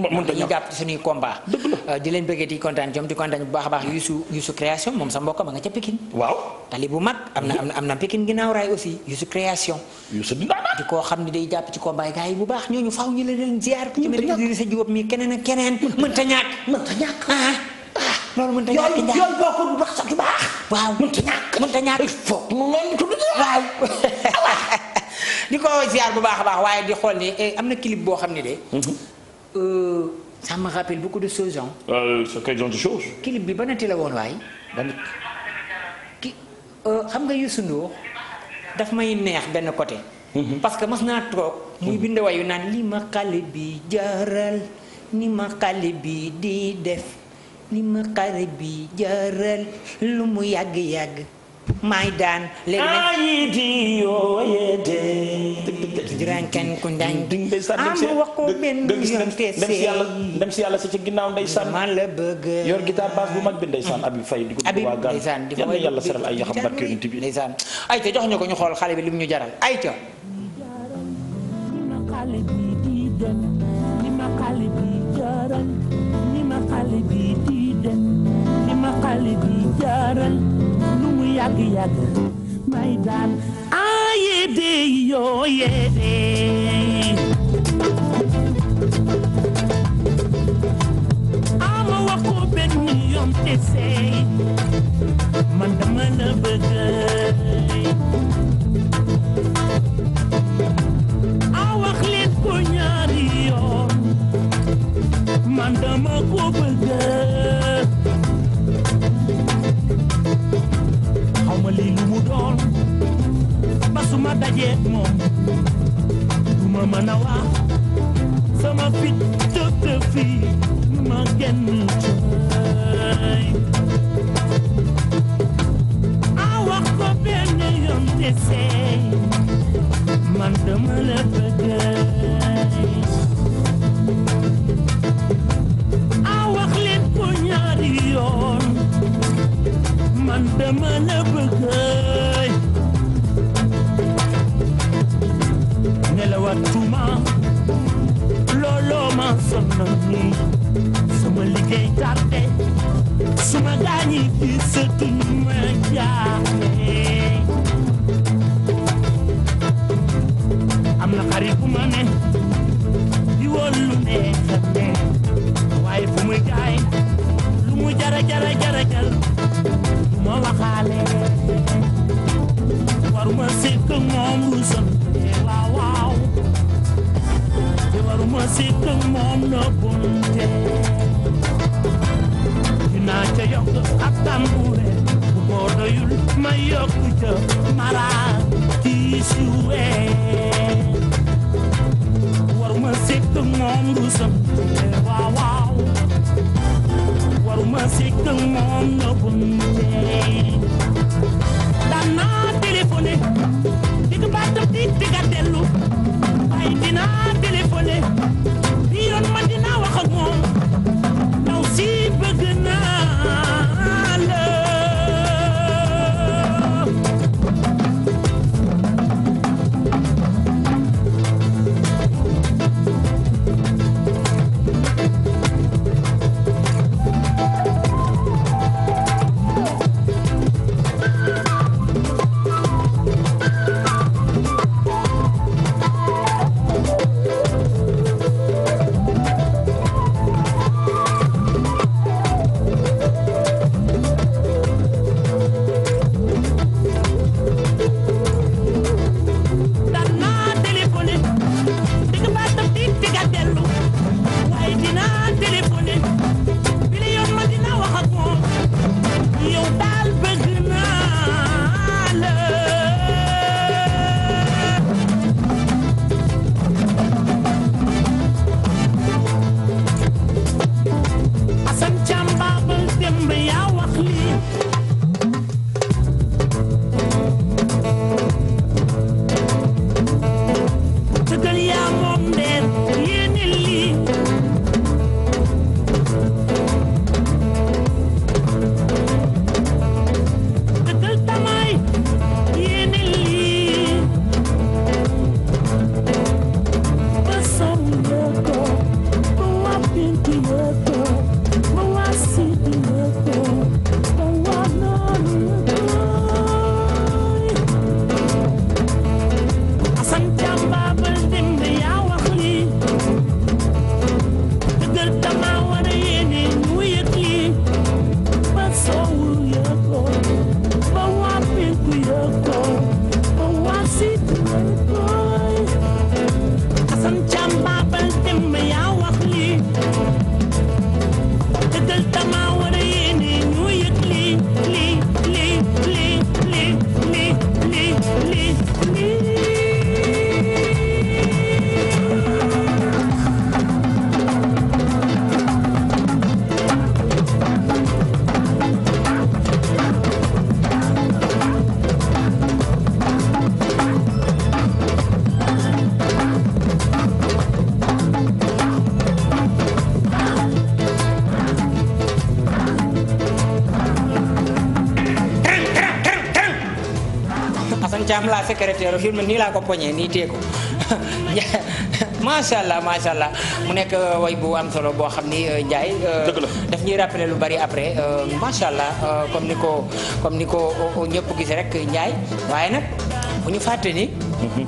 mënta ñàkk jàpp ci suñuy combat euh, di leen bëggee di kontaan jom di kontaan bu baax a baax Youssou Youssou création moom sa mbokk ma nga ca Pikine waaw tali bu mag am na am na am na Pikine ginnaaw raay aussi Youssou création Youssou di koo xam ne day jàpp ci combat yi gars yi bu baax ñooñu faaw ñu la leen ziar ku ci mel ni sa Diop mi keneen ak keneen mënta ñàkk mënta ñàkk ah, ah. Ah, loolu mënta ñàkk yoon yoon boo ko wax sax du baax waaw mënta ñàkk mënta ñàkk fo loolu tudd waaw [LAUGHS] [LAUGHS] di ko ziar bu baax a baax waaye di xool ne eh, am na clip boo xam ne de mhm. Euh, ça me rappelle de choses hein. Euh, bi banati la woon waay. ki euh, xam nga Youssou Ndour daf may neex benn côté. Mhm. parce que mas naa toog. muy mhm. bind wayu naan li ma xale bi jaral ni ma xale bi di def li ma xale bi jaral lu mu yàgg yàgg. may daan léegi nag am ah, wax ko
benn yoon te see
dem si yàlla si ci ginnaaw ndeysaan ma la bëgg yor guitare basse bu mag bi
ndeysaan Habib Faye di ko a Gane yàlla yàlla seral ay yaxam barke yonent bi ndeysaan ayca jox ñu ko ñu xool xale bi lim ñu jaral
ni ma yàgg yàgg may daan ah yéede yoo yéede ah ma ko benn yoon te sey man dama la bëgg ah wax leen ko ñaari yoon ko bëgg su ma dajee moom du ma mën a wax sama fit jóge fii ma genn cooy a wax ko benn yoon te seey man dama la bëgg man dama la bëgg tawatuma looloo ma sonal ni sama liggéey tardé suma gaañi di sëtuñ ma jaaxle am na xarit bu ma ne di woon ne xam ne waaye fu muy jaay lu mu jara ma waxaale sikk moom na ca yokk ab tambuure bu boo doyul ma yokk ca mara tiisuwe war ma sikk moom rusam waaw waaw war ma sikk moom na bunte danaa téléphoné dig baat dig diga dellu waaye dinaa téléphoné
Thiam la secrétaire film nii laa ko poñee nii téye ko [LAUGHS] macha allah macha allah mu nekk euh, way bu am solo boo xam ni euh, Ndiaye. Euh, daf ñuy rappeler lu bari après macha allah comme ni ko ni ko ñëpp gis rek Ndiaye waaye nag bu ñu fàtte ni. Mhm.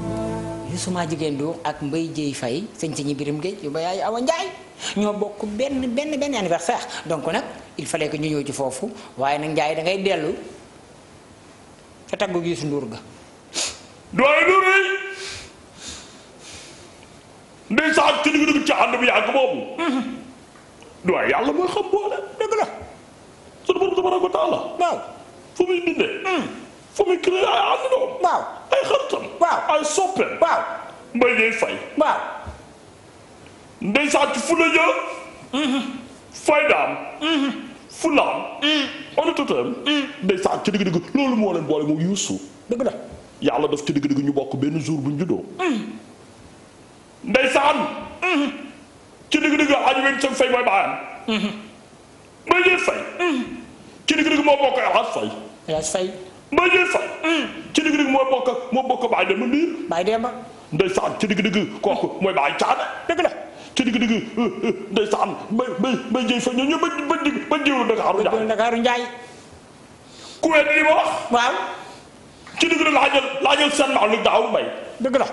suma jigéen du ak mbay Dieye fay sëñ si ñi birim géej yu ba yaay Awa Ndiaye ñoo bokk benn benn benn anniversaire donc nag il fallait que ñu ñëw ci foofu waaye nag Ndiaye dangay dellu ca taggu Youssou Ndour ga
doole du rëy ndeysaan ci digg dugg ci ànd bu yàgg boobu doole yàlla mooy xam boole dëgg la sunu borom tabaraka taala waaw fu muy bindee hmm. fu muy créé ay ànd doom waaw ay xaritam waaw ay soppe waaw mbay ngay fay waaw ndeysaan ci fu la jël hmm. faydaam hmm. fulaam honnêteté ndeysaan ci digg digg loolu moo leen boole mu yuusu dëgg la yàlla def ci digg dëgg ñu bokk benn jour bu ñu juddoo. ndeysaan. ci dëgg-dëgg Aliou Winthiam Faye mooy baayam. Mbaye Dièye Faye. ci dëgg-dëgg moo bokk ak Faye. Elhadj Faye. Mbaye Dièye Faye. ci dëgg moo bokk moo bokk Baye Demba Ndiir. Baye Demba. ci dëgg-dëgg mooy Baye Thiané dëgg la. ci digg digg euh, euh, ndeysaan ba ba ba jëy fa ñoo ñu ba ba ba jëw Ndakaaru Njaay Ndakaaru ku wet li ma ci dëgg la laajal laajal seen maam lu daaw mbay dëgg la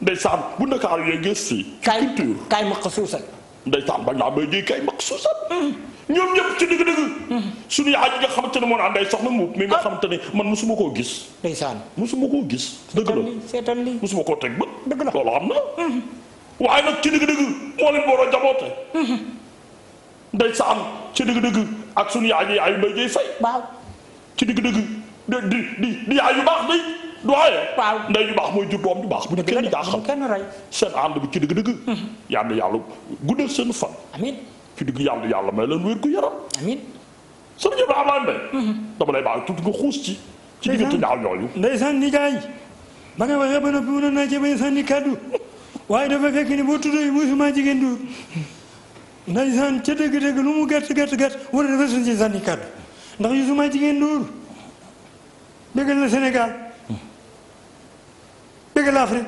ndeysaan bu ndakaaru yee gës si kaay kaay maq suusal ndeysaan bañ naa bay jéy kaay maq suusal mm-hmm. ñoom ñëpp ci dëgg-dëgg mm-hmm. suñu yaay ji nga xamante ne moo naan day soxna mbuub mi nga ah. xamante ne man musuma koo gis ndeysaan musuma koo gis dëgg la seetal li musuma koo teg ba dëgg la loolu am na mm-hmm. waaye nag ci dëgg-dëgg moo leen booroo jaboote ndeysaan ci dëgg-dëgg ak suñu yaay ji yaayu mbay jéy fay ci dëgg-dëgg di di di di yaay yu baax day du waaye waaw ndey yu baax mooy jur doom yu baax bu ñu kenn jaaxal kenn rey seen ànd bi ci dëgg-dëgg mhm. yal na yàlla guddal seen fan amiin ci dëgg yàlla yàlla may leen wér gu yaram amiin sëriñ Ibrahima Mbaye mhm. dama lay baax tuuti nga xuus ci ci diggante ñaar ñooñu ndeysaan nijaay ba nga waxee ba noppi mën naa ci bañ sànni kaddu [LAUGHS] waaye dafa fekk ni boo tuddee musuma jigéen duur ndeysaan ca dëgg-dëgg lu mu gàtt gàtt gàtt war a dafa sànni kaddu ndax yusuma jigéen duur bëggal na Sénégal bëggal Afrique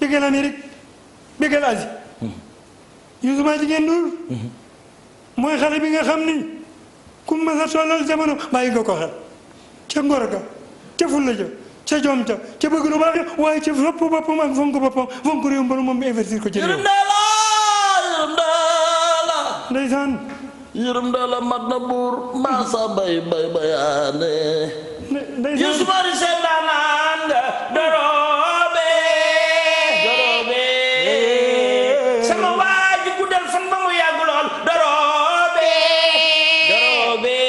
bëggal Amérique bëggal Asie Youssouba Jigéen Ndour mooy xale bi nga xam ni ku mas a tollal jamono bàyyi nga ko xel ca ngor ga ca fulla ja ca jom ja ca bëgg lu baax ja waaye ca sopp boppam ak fonk boppam fonk réew mbonu moom investir ko ci réew
ndeysaan yërëm daala mat na buur maa sa bay bay bayaane yusmari sellananda dorobe dorobe sama waaji fan ba mu yàgg lool dorobe dorobe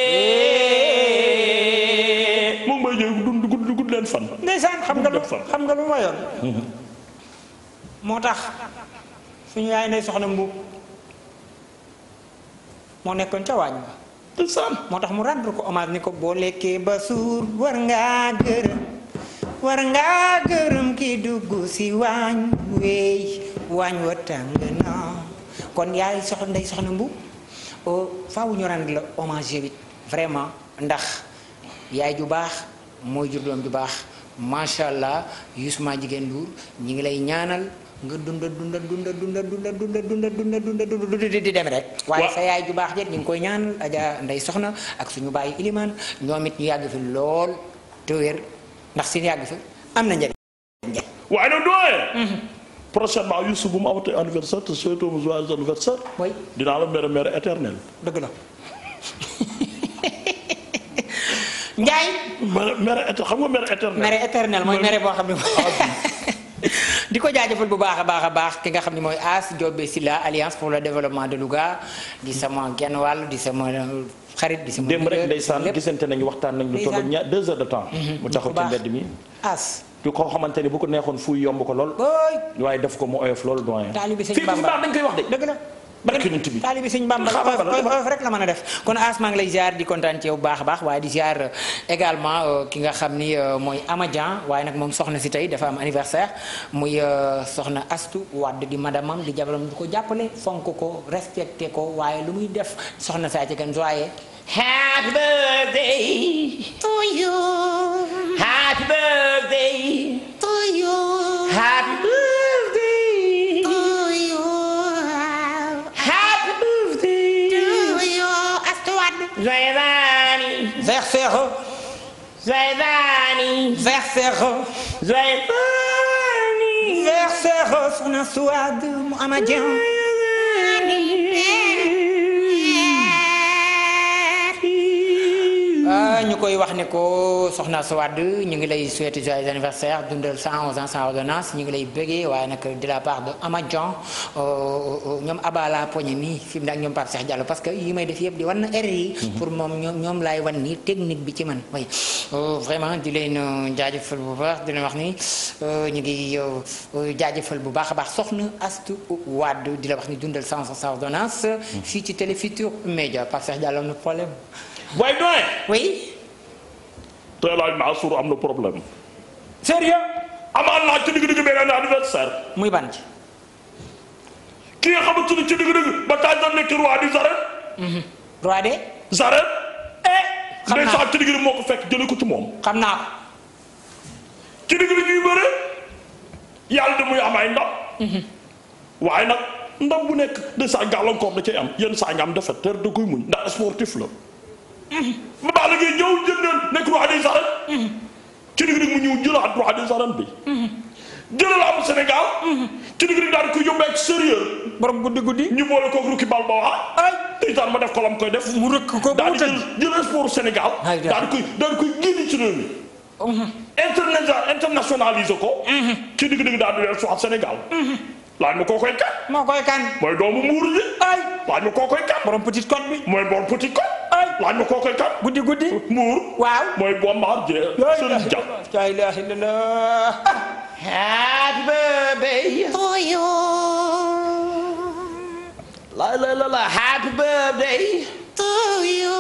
moom mooy jël dund gudd gudd leen fan
ndeysaan
xam nga lu xam nga lu ma yor moo tax suñu yaay ne soxna mbuub moo nekkoon ca waañ ma moo tax mu rendre ko hommage ni ko boo lekkee ba suur war ngaa gërëm war ngaa gërëm ki dugg si waañ weey waañ wa tàng na kon yaay soxna ndey soxna mbu faaw ñu la hommage yow it vraiment ndax yaay ju baax mooy jur doom ju baax macha allah Youssouma jigéen Ndour ñi ngi lay ñaanal nga dunda dunda dunda dunda dunda dunda dunda dunda dunda dunda dunda di dem rek waaye sa yaay ju baax jët ñu ngi koy ñaanal aja nday soxna ak suñu bàyyi ilimaan ñoom it ñu yàgg fi lool te wér ndax seen yàgg fi am na njëriñ
waaye nag dooyee prochainement Youssou bu mu amati anniversaire te souhaité mu joyeux anniversaire dinaa la mère mère éternel dëgg la
Njaay mère éternel xam nga mère éternel mère éternel mooy mère boo xam ne [LAUGHS] di ko jaajëfal bu baax a baax a baax ki nga xam ne mooy As Diobé Silla alliance pour le développement de Louga di sama genn wàll di sama xarit di sama. démb rek
ndeysaan gisante nañu waxtaan nañu lu toll ñaar deux heures de temps. Mhm. mu taxaw ci mbedd mi As. du ko xamante bu ko neexoon fuy yomb ko lool. waaye def ko mu oyof lool doyen.
fii baax dañ
koy wax de dëgg la. barke nit
bi taalibi sëñ Bamba rek la mën a def kon asmaa ngi lay ziar di kontaan ci yow baax a baax waaye di ziar euh, également euh, ki nga xam ni euh, mooy Amadian waaye nag moom soxna si tey dafa am anniversaire muy soxna Astu Wàdd di madamam di jabaram di ko jàppale fonk ko respecté ko waaye lu muy def soxna saa ci kan joyeux happy birthday Zoevani. Verser. Zoevani. Verser. Zoevani. Verser. Son assoade, Mohamedien. Zoevani. ñu koy wax ne ko soxna su Wade ñu ngi lay souhaiter joyeux anniversaire dundal 111 ans sans ordonnance ñu ngi lay bëggee waaye nag de la part de Amadian euh, euh, euh, ñoom Aba laa poñe nii fi mu ne ñoom Pape Cheikh parce que yi may def yëpp di wan yi. Mhm. pour moom ñoom ñoom laay wan nii technique bi ci man oui vraiment di leen jaajëfal bu baax di leen wax ni ñu ngi jaajëfal bu baax a baax soxna Astu Wade di la wax ni dundal 111 ans sans ordonnance. Mhm. fii ci Télé Futurs Médias Pape Cheikh Diallo am
te El Hadj am na problème. sérieux. amaan naa ci digg-digg beneen adversaire. muy ban ci. ki nga xamante ni ci digg-digg ba taaj na nekk roi di Zaret. Mhm. roi de. Zaret. Eh, xam ko ci digg-digg moo ko fekk jëlee ko ci moom. xam naa ko. ci digg-digg yu bëre yàlla de muy am ay ndam. Mhm. waaye nag ndam bu nekk de saa gàllankoor da cay am yenn saa nga am defet te da koy muñ ndax sportif la. ba baax la ngay ñëw jël leen nekk ruux day saran ci digg mu ñëw jëlaat ruux day saran bi jëlal am Sénégal ci digg daal di ko yóbbu ak borom guddi guddi ñu boole kook rukki bal ba wax ay teytaan def ko lam koy def mu rëkk ko daal di jël sport Sénégal daal di koy daal di koy génn ci réew mi international ko ci digg daal di mm-hmm. kan moo koy kan mooy doomu muur ji laaj ma koo koy kan. borom petite côte bi. mooy borom petite côte. ay mooy Bombardier. Serigne Dia.
la la la la happy birthday to you.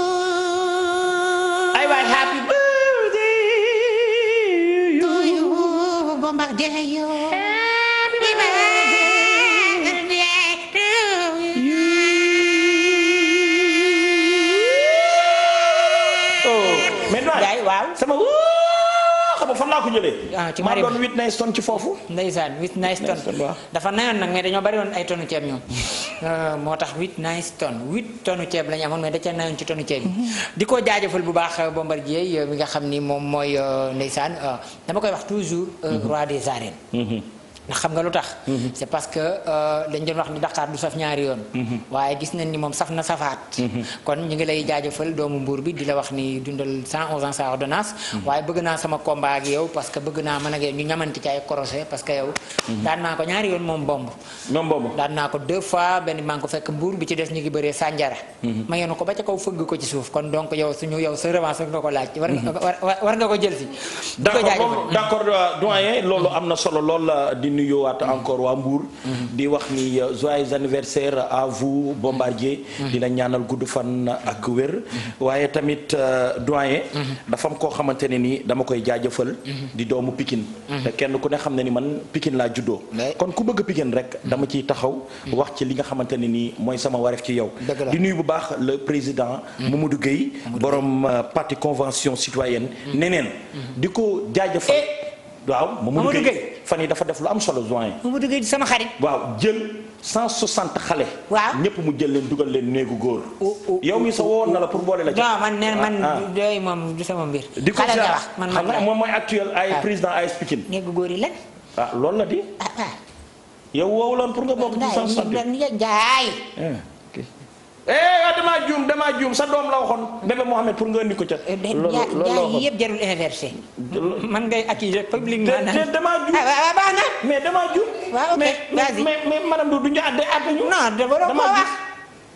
ay waay happy
waaw sama xam nga fan laa ko jëlee. ah ci
Marie ma doon ci foofu. ndeysaan Whitney Houston dafa nayoon nag mais dañoo bari woon ay tonu ceeb ñoom ah, moo tax Whitney Houston huit tonu ceeb la amoon mais da cee nayoon ci tonu ceeb yi. Mm-hmm. di ko jaajëfal bu baax euh, Bombardier euh, mi nga xam ni moom mooy euh, ndeysaan dama koy wax toujours. Mm-hmm. roi des arènes. Mm-hmm. ndax xam nga lu tax. Mhm. c' est parce que euh, dañ doon wax ni Dakar du saf ñaari yoon. Mhm. waaye gis nañ ni moom saf na safaat. Mhm. kon ñu ngi lay jaajëfal doomu mbuur bi di la wax ni dundal 111 ans sa ordonnance. waaye bëgg naa sama combat ak yow parce que bëgg naa mën ak ko ñaari yoon moom bomb. daan naa ko deux benn maa ko fekk mbuur bi ci des ñu ngi bëree sànjara. ma yenu ko ba ca kaw fëgg ko ci suuf kon donc yow suñu yow sa revanche nga ko laaj. war nga ko jël si.
di ko nuyuwaat encore waa Mbour. di wax ni euh, joyeux anniversaire à vous Bombardier. Mhm. di la ñaanal gudd fan ak wér. Mhm. waaye tamit euh, doyen. Mhm. dafa am koo ne ni dama koy jaajëfal. di doomu Pikine. te kenn ku ne xam ne ni man Pikine laa juddoo. kon ku bëgg Pikine rek dama ciy taxaw. wax ci li nga xamante ne ni mooy sama wareef ci yow. di nuyu bu baax la président. Mamadou Gueye borom euh, parti convention citoyenne. neneen di ko jaajëfal. Eh, waaw Mamadou Gueye fan yi dafa def lu am solo doyen.
Mamadou Gueye di sama xarit.
waaw jël xale. waaw ñëpp mu jël leen dugal leen néegu góor. yow mi sa woon na la pour boole la. non man nee man ah, ah.
yooyu moom di ko xale nga wax man man xam nga mooy actuel ay ah.
président AS Pikine. néegu góor yi lan. ah loolu la di. yow woowu loon pour nga bokk.
ci
eh ah, damaa juum damaa juum sa doom la waxoon bébé Mohamed
pour nga indi ko ca. Eh, loolu loolu yëpp jarul inversé. man ngay accuser publiquement naan te damaa juum ah, ah, ah baax na mais damaa juum. waaw ok mais mais madame du ñu àtte àtte ñu.
non dama la ko wax.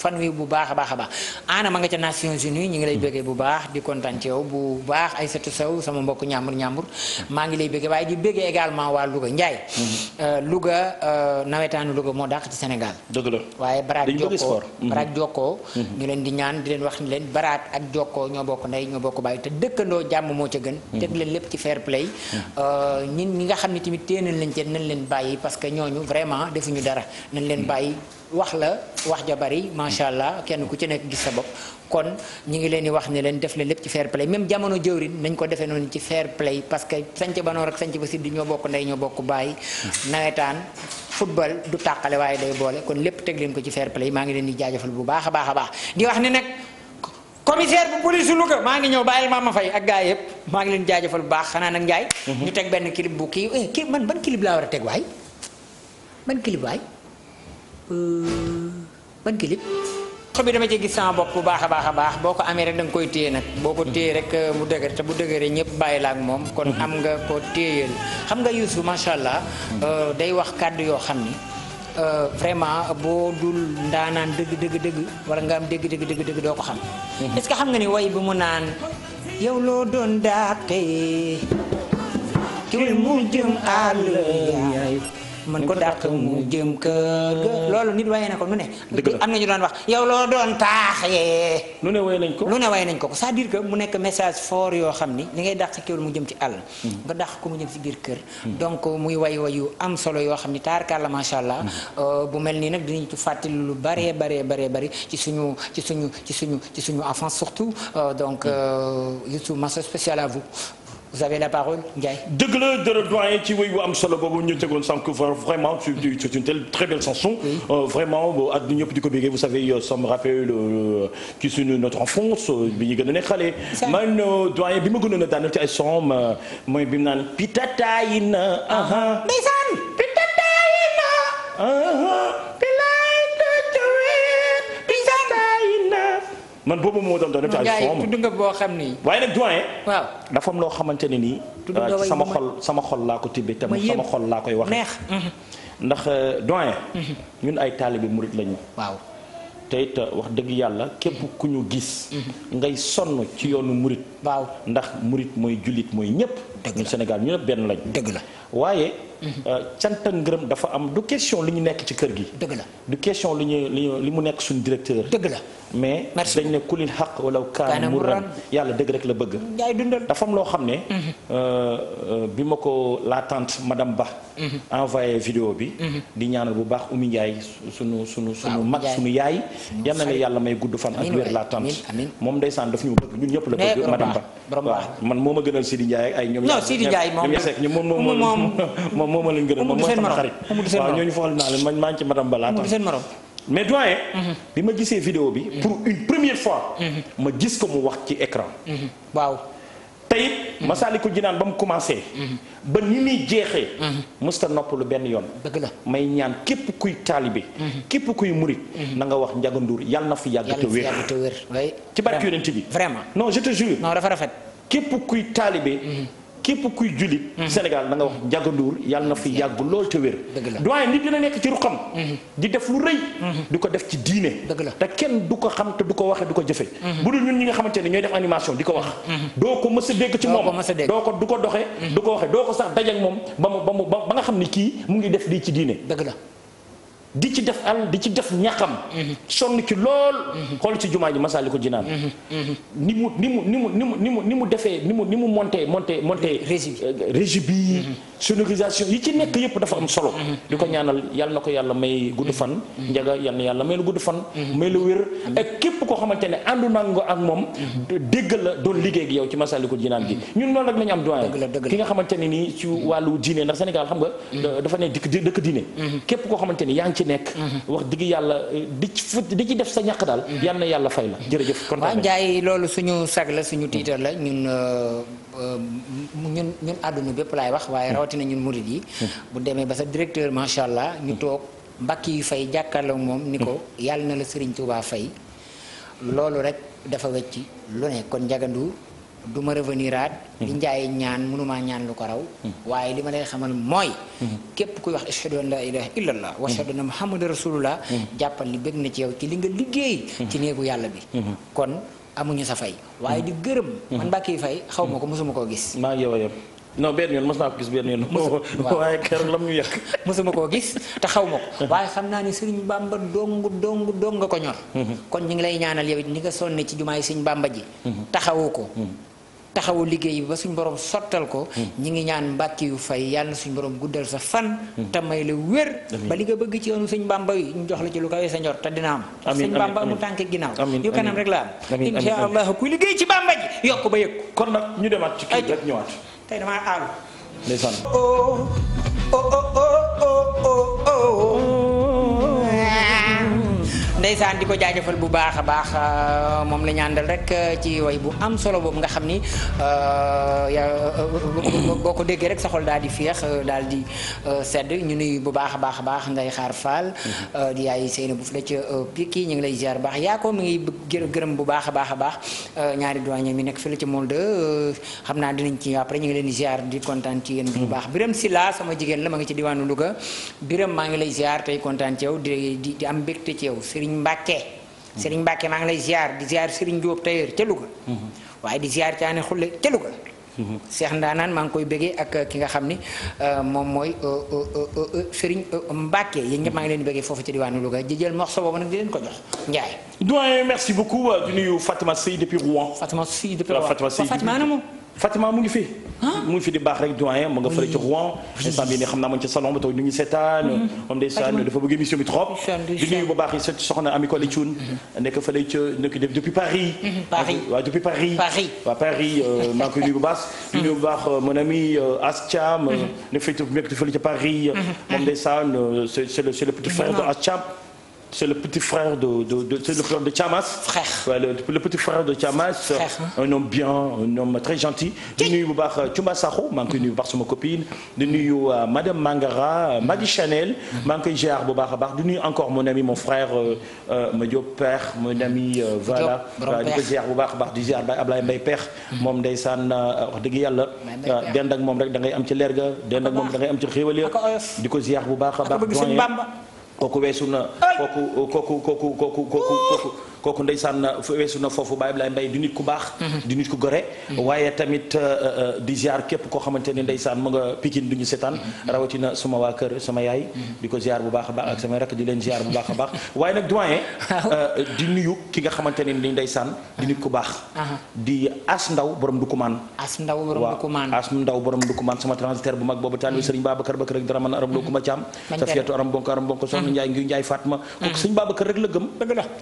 fanweer bu baax a baax a baax ana ma nga ca Nations Unies ñu ngi lay bëggee bu baax di kontaan ci yow bu baax ay satu saw sama mbokk ñaambur ñaambur maa ngi lay bëggee waaye di bëggee également waa Louga Ndiaye euh, Louga euh, nawetaanu Louga moo dàq ci Sénégal dëgg la waaye Baraat Jokkoo Baraat Jokkoo ñu leen di ñaan di leen wax ni leen Baraat ak Jokkoo ñoo bokk ndey ñoo bokk bàyyi te dëkkandoo jàmm moo ca gën mm-hmm. teg leen lépp ci fair play euh, ñin ñi nga xam ne tamit téenal lañ ci nañ leen bàyyi parce que ñooñu vraiment defuñu dara nañ leen bàyyi wax la wax ja bari macha allah kenn ku ci nekk gis sa bopp kon ñu ngi leen di wax ne leen def la lépp ci fair play même jamono jëwrin nañ ko defee noonu ci fair play parce que sanc ba noor ak sanc ba siddi ñoo bokk ndey ñoo bokk bàyyi nawetaan football du tàqale waaye day boole kon lépp teg leen ko ci fair play maa ngi leen di jaajëfal bu baax a baax a baax di wax ne nag commissaire bu police lu maa ngi ñëw bàyyil maa ma fay ak gaa yëpp maa ngi leen jaajëfal bu baax xanaa nag Ndiaye. Mhm. ñu teg benn clip bu eh, kii man ban clip laa war a teg waay ban Euh, ban clip. xo bi dama ci gis sama bopp bu baax a baax a baax boo ko amee rek da nga koy téye nag boo ko téye rek euh, mu dëgër te bu dëgëree ñëpp bàyyi la ak moom kon mhm. am nga ko téyeel xam nga Youssou macha allah mhm. euh, day wax kàddu yoo xam ni vraiment boo dul ndaanaan dëgg dëgg dëgg wala nga am dëgg dëgg dëgg doo ko xam mhm. est-ce que xam nga ni way bi mu naan yow loo doon daaqee ki mu jëm àll mën ko dàq mu jëm kër ga loolu nit waaye na ko nu ne am na ñu doon wax yow loo doon taaxee lu ne way nañ ko lu ne way nañ ko ko cest à que mu nekk message fort yoo xam ni li ngay dàq kéwél mu jëm ci àll hmm. nga dàq ko mu jëm si biir kër hmm. donc muy way wayu am solo yoo xam ni taarkàlla macha allah hmm. euh, bu mel nii nag dinañ ci fàttali lu baree baree baree bari ci suñu ci suñu ci suñu ci suñu enfance surtout euh, donc euh, Youssou maso spécial à vous vous avez la parole Ndiaye.
dëgg la dërët doyen ci wéy bu am solo boobu ñu tegoon sànq vraiment c'est une telle très belle chanson. Euh, vraiment boo at ñëpp di ko bégee vous savez euh, ça me rappelle ci euh, suñu notre enfance bi ñu gën a ne xale. man doyen bi ma gënoon a daanal ci ay son mooy bi mu naan. Ah, ah. pitata yi na.
ndeysaan pitata.
man boobu moo doon doon def ci ay tudd nga boo xam ni. waaye nag doyen. waaw loo xamante ne nii. ci euh, sama xol sama xol laa ko tibbee tam sama koy wax neex. Mm-hmm. ndax euh, doyen. Mm-hmm. ñun ay taalibe murit lañu. waaw te it euh, wax dëgg yàlla képp mm-hmm. ku ñu gis. ngay sonn ci yoonu murit. waaw ndax murit mooy jullit mooy ñëpp. dëgg la Sénégal ñu ne benn lañ. dëgg la Euh, cant ak ngërëm dafa am du question li ñu nekk ci kër gi. dëgg la du question li ñu li li mu nekk suñu directeur. dëgg la mais. dañ ne kulil xaq wala kaan muran yàlla dëgg rek la bëgg. yaay dundal dafa am loo xam ne. Mhm. Euh, euh, bi ma ko la tante madame Ba. Mhm. envoyé vidéo bi. Mhm. di ñaanal bu baax Oumy Ndiaye sunu sunu sunu mag sunu yaay. yal na la yàlla may gudd fan ak wér la tante moom ndeysaan daf ñu bëgg ñun ñëpp la bëgg. madame Ba waaw man moo a gënal Sidi Ndiaye ak ay ñoom. non Sidi Ndiaye moom moom ma leen gërëm a mooy sama xarit waaw ñooñu fool naa leen man maa ngi ci madame Bala mais doyen mhm. bi ma gisee vidéo bi mhm. pour une première fois mhm. ma gis ko mu wax ci écran waaw tey Masaalikul Jinaan ba mu commencé ba ni muy jeexee musta noppalu benn yoon dëgg la may ñaan képp kuy taalibe képp kuy murit na nga wax Ndiaga Ndour yàlla na fi yàgg te wér ci barke yonent bi non je te non dafa rafet képp kuy taalibe képp kuy jullit hmm. Sénégal da nga wax Ndiaga Ndour na fi yàgg lool te wér doyen nit dina nekk ci ruqam hmm. di def lu rëy hmm. di ko def ci diine te kenn du ko xam te du ko waxee du ko jëfe bu dul ñun ñi nga xamante ne ñooy def animation di ko wax doo ko mës a dégg ci moom doo ko du ko doxe du ko waxe doo ko sax dajeek moom ba mu ba mu ba nga xam ni kii mu ngi def lii ci diine dëgg la di ci def al di ci def ñaxam sonn ci lool xool ci jumaa ji Masaalikul Jinaan ni mu ni mu ni mu ni mu ni mu ni mu defee ni mu ni mu monté monté monté régie euh, bi sonorisation yi ci nekk yëpp dafa am solo mm-hmm. di ko ñaanal yàlla na ko yàlla may gudd fan mm-hmm. njaga yàlla yàlla may la gudd fan mm-hmm. may la wér ak képp koo xamante ne àndu naa ak moom dégg la doon liggéey yow ci Masaalikul Jinaan gi ñun loolu rek la ñu am doyen ki nga xamante ne nii ci wàllu diine ndax Sénégal xam nga dafa ne dëkk dëkk diine képp koo xamante yaa ngi ci nekk. wax dëgg yàlla di ci fu di ci def sa ñàq daal. yal na yàlla fay la jërëjëf. kontaan
loolu suñu sag la suñu tiitar la ñun euh, euh, ñun ñun àdduna bépp laay wax waaye rawatina ñun murid yi. bu demee ba sa directeur macha allah ñu toog mbakk yi fay jàkkaarloo moom ni ko yàlla na la Serigne Touba fay loolu rek dafa wecc lu ne kon Ndiaga du ma revenir aat hmm. di njaaye ñaan mënumaa ñaan lu ko raw hmm. waaye li ma lay xamal mooy hmm. képp kuy wax ashhadu an laa ilaha illa allah wa ashhadu anna jàppal li bëgg na ci yow ci li nga liggéey ci néegu yàlla bi kon amuñu sa fay waaye di gërëm man Mbacké Faye xaw ma ko mosuma koo gis maa ngi yow yëpp
non benn yoon mos naa ko gis benn
yoon [LAUGHS] waaye keroog lam [LAUGHS] koo gis te xaw ma ko waaye xam naa ne sëriñ bàmba dong dong dong nga ko ñor kon ñu ngi lay ñaanal yow it taxawu liggéey bi ba suñ borom sottal ko ñi ngi ñaan mbàkki yu fay yàlla na suñ borom guddal sa fan te la wér ba nga bëgg ci yoonu sëñ bàmba yi ñu jox la ci lu kawee sa njor te dina am ndax sëñ bàmba amu tànk ginnaaw yu kanam rek la am insha allah ku liggéey ci bàmba ji yokk ba yëg kon nag ñu demaat ci kii rek ñëwaat tey damaa aalu ndeysaan oh, oh, oh, ndeysaan di ko jaajëfal bu baax a baax euh, moom la ñu rek euh, ci way bu am solo boobu nga xam ni euh, boo ko déggee rek sa daal di féex daal di sedd ñu nuyu bu baax a baax a baax ngay xaar faal. di yaay Seyna bu fële ca Pikine ñu ngi lay ziar baax yaa ko mu ngi gërëm bu baax a baax a baax ñaari doyen mi nekk fële ca Molde xam naa dinañ ci après ñu ngi leen di ziar di kontaan ci yéen bu baax Biram Silla sama jigéen la ma ngi ci diwaanu Louga Biram maa ngi lay ziar tey kontaan ci yow di di am mbégte ci yow Serigne Mbacke. Serigne Mbacke maa ngi lay ziar di ziar Serigne Diop Tailleur ca Louga. Mhm. waaye di ziar Thiané Khoule ca Louga. Seex mhm. Ndaanaan maa ngi koy bëggee ak ki nga xam ni euh, moom mooy euh, euh, Serigne Mbacke yéen ñëpp maa ngi leen bëggee foofu ca diwaanu Louga di jël morceau boobu nag di leen ko jox
Ndiaye. doyen merci beaucoup di nuyu Fatima Sey depuis Rouen. Fatima Sey depuis Rouen Fatima Sey. Fatima mu ngi fi. mu ngi fi di baax rek doyen mu nga fële ci Rouen. instant bii nii xam naa moom ci salon ba toog ñu ngi seetaan. Mhm. moom ndeysaan dafa bëgg émission bi trop. di nuyu bu baax yi sa soxna Ami Collé Thioune. Mhm. nekk fële ca nekk def depuis Paris. Mhm. depuis Paris. Paris waaw Paris euh, maa ngi koy nuyu euh, ami euh, As Thiam. nekk fële ca Paris. moom ndeysaan c'est le c'est As Thiam. c'est le petit frère de de de c'est le frère de Thiamas. frère waaw ouais, le, le petit frère de Thiamas. frère un homme bien un homme très gentil. di nuyu bu baax euh, Cumba Sakho maa ngi koy nuyu bu baax sama copine. di nuyu euh, madame Mangara euh, Madi Chanel. maa ngi koy ziar bu baax a baax di nuyu encore mon ami mon frère ma Diop père mon ami. voilà di ko ziar bu baax a baax di ziar Ablaye Mbaye père. Mhm. moom ndeysaan wax dëgg yàlla. dend ak moom rek da ngay am ci leer ga. dend ak moom da ngay am ci xéwal ya di ko ziar bu baax a baax. kooku weesu na kooku kooku kooku kooku kooku kooku ndeysaan euh, weesu na foofu Baye Ablaye di nit ku baax mhm. di nit ku gore mhm. waaye tamit euh, euh, di ziar képp koo xamante ni ndeysaan mu nga Pikine du ñu setaan mhm. rawatina suma waa kër sama yaay di ko ziar a baax ak samay rakk di leen ziar a baax [LAUGHS] waaye ki nga xamante ni ni ndeysaan di nit di as ndaw borom du kumaan as ndaw borom du kumaan as ndaw borom du kumaan sama transitaire bu mag boobu taal bi sëriñ Babacar Bakar ak daraman aram loo kuma caam sa fiyatu aram bonko aram bonko soxna Njaay ngi Njaay Fatma kooku sëriñ Babacar rek la gëm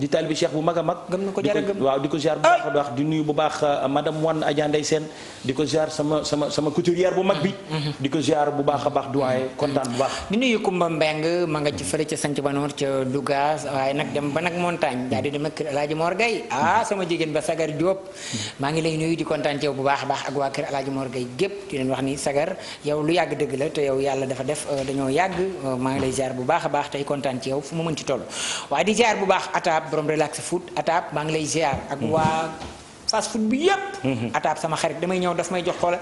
di taalibi cheikh bu mag a mag gëm na ko jara gëm waaw di ko ziar bu baax a baax di nuyu bu baax euh, madame ko ziar sama mm-hmm. bu baax a
baax doyen kontaan bu baax di nuyu Kumba Mbeng ma nga ci fële ca sanc banoor ca Louga waaye nag dem ba nag montagne daal di dem ak Alaaji Mor Gay ah mm-hmm. sama jigéen ba Sagar Diop mm-hmm. maa ngi lay nuyu di kontaan ci yow bu baax a ak waa kër Alaaji Mor Gay gépp di leen wax ni Sagar yow lu yàgg dëgg la te yow yàlla dafa def euh, dañoo yàgg euh, maa ngi lay ziar bu baax a baax tey kontaan ci yow fu ma mën ci toll food ataab maa ngi lay ziar. ak mm-hmm. waa fast food bi yëpp. Mm-hmm. ataab sama xarit damay ñëw daf may jox xoola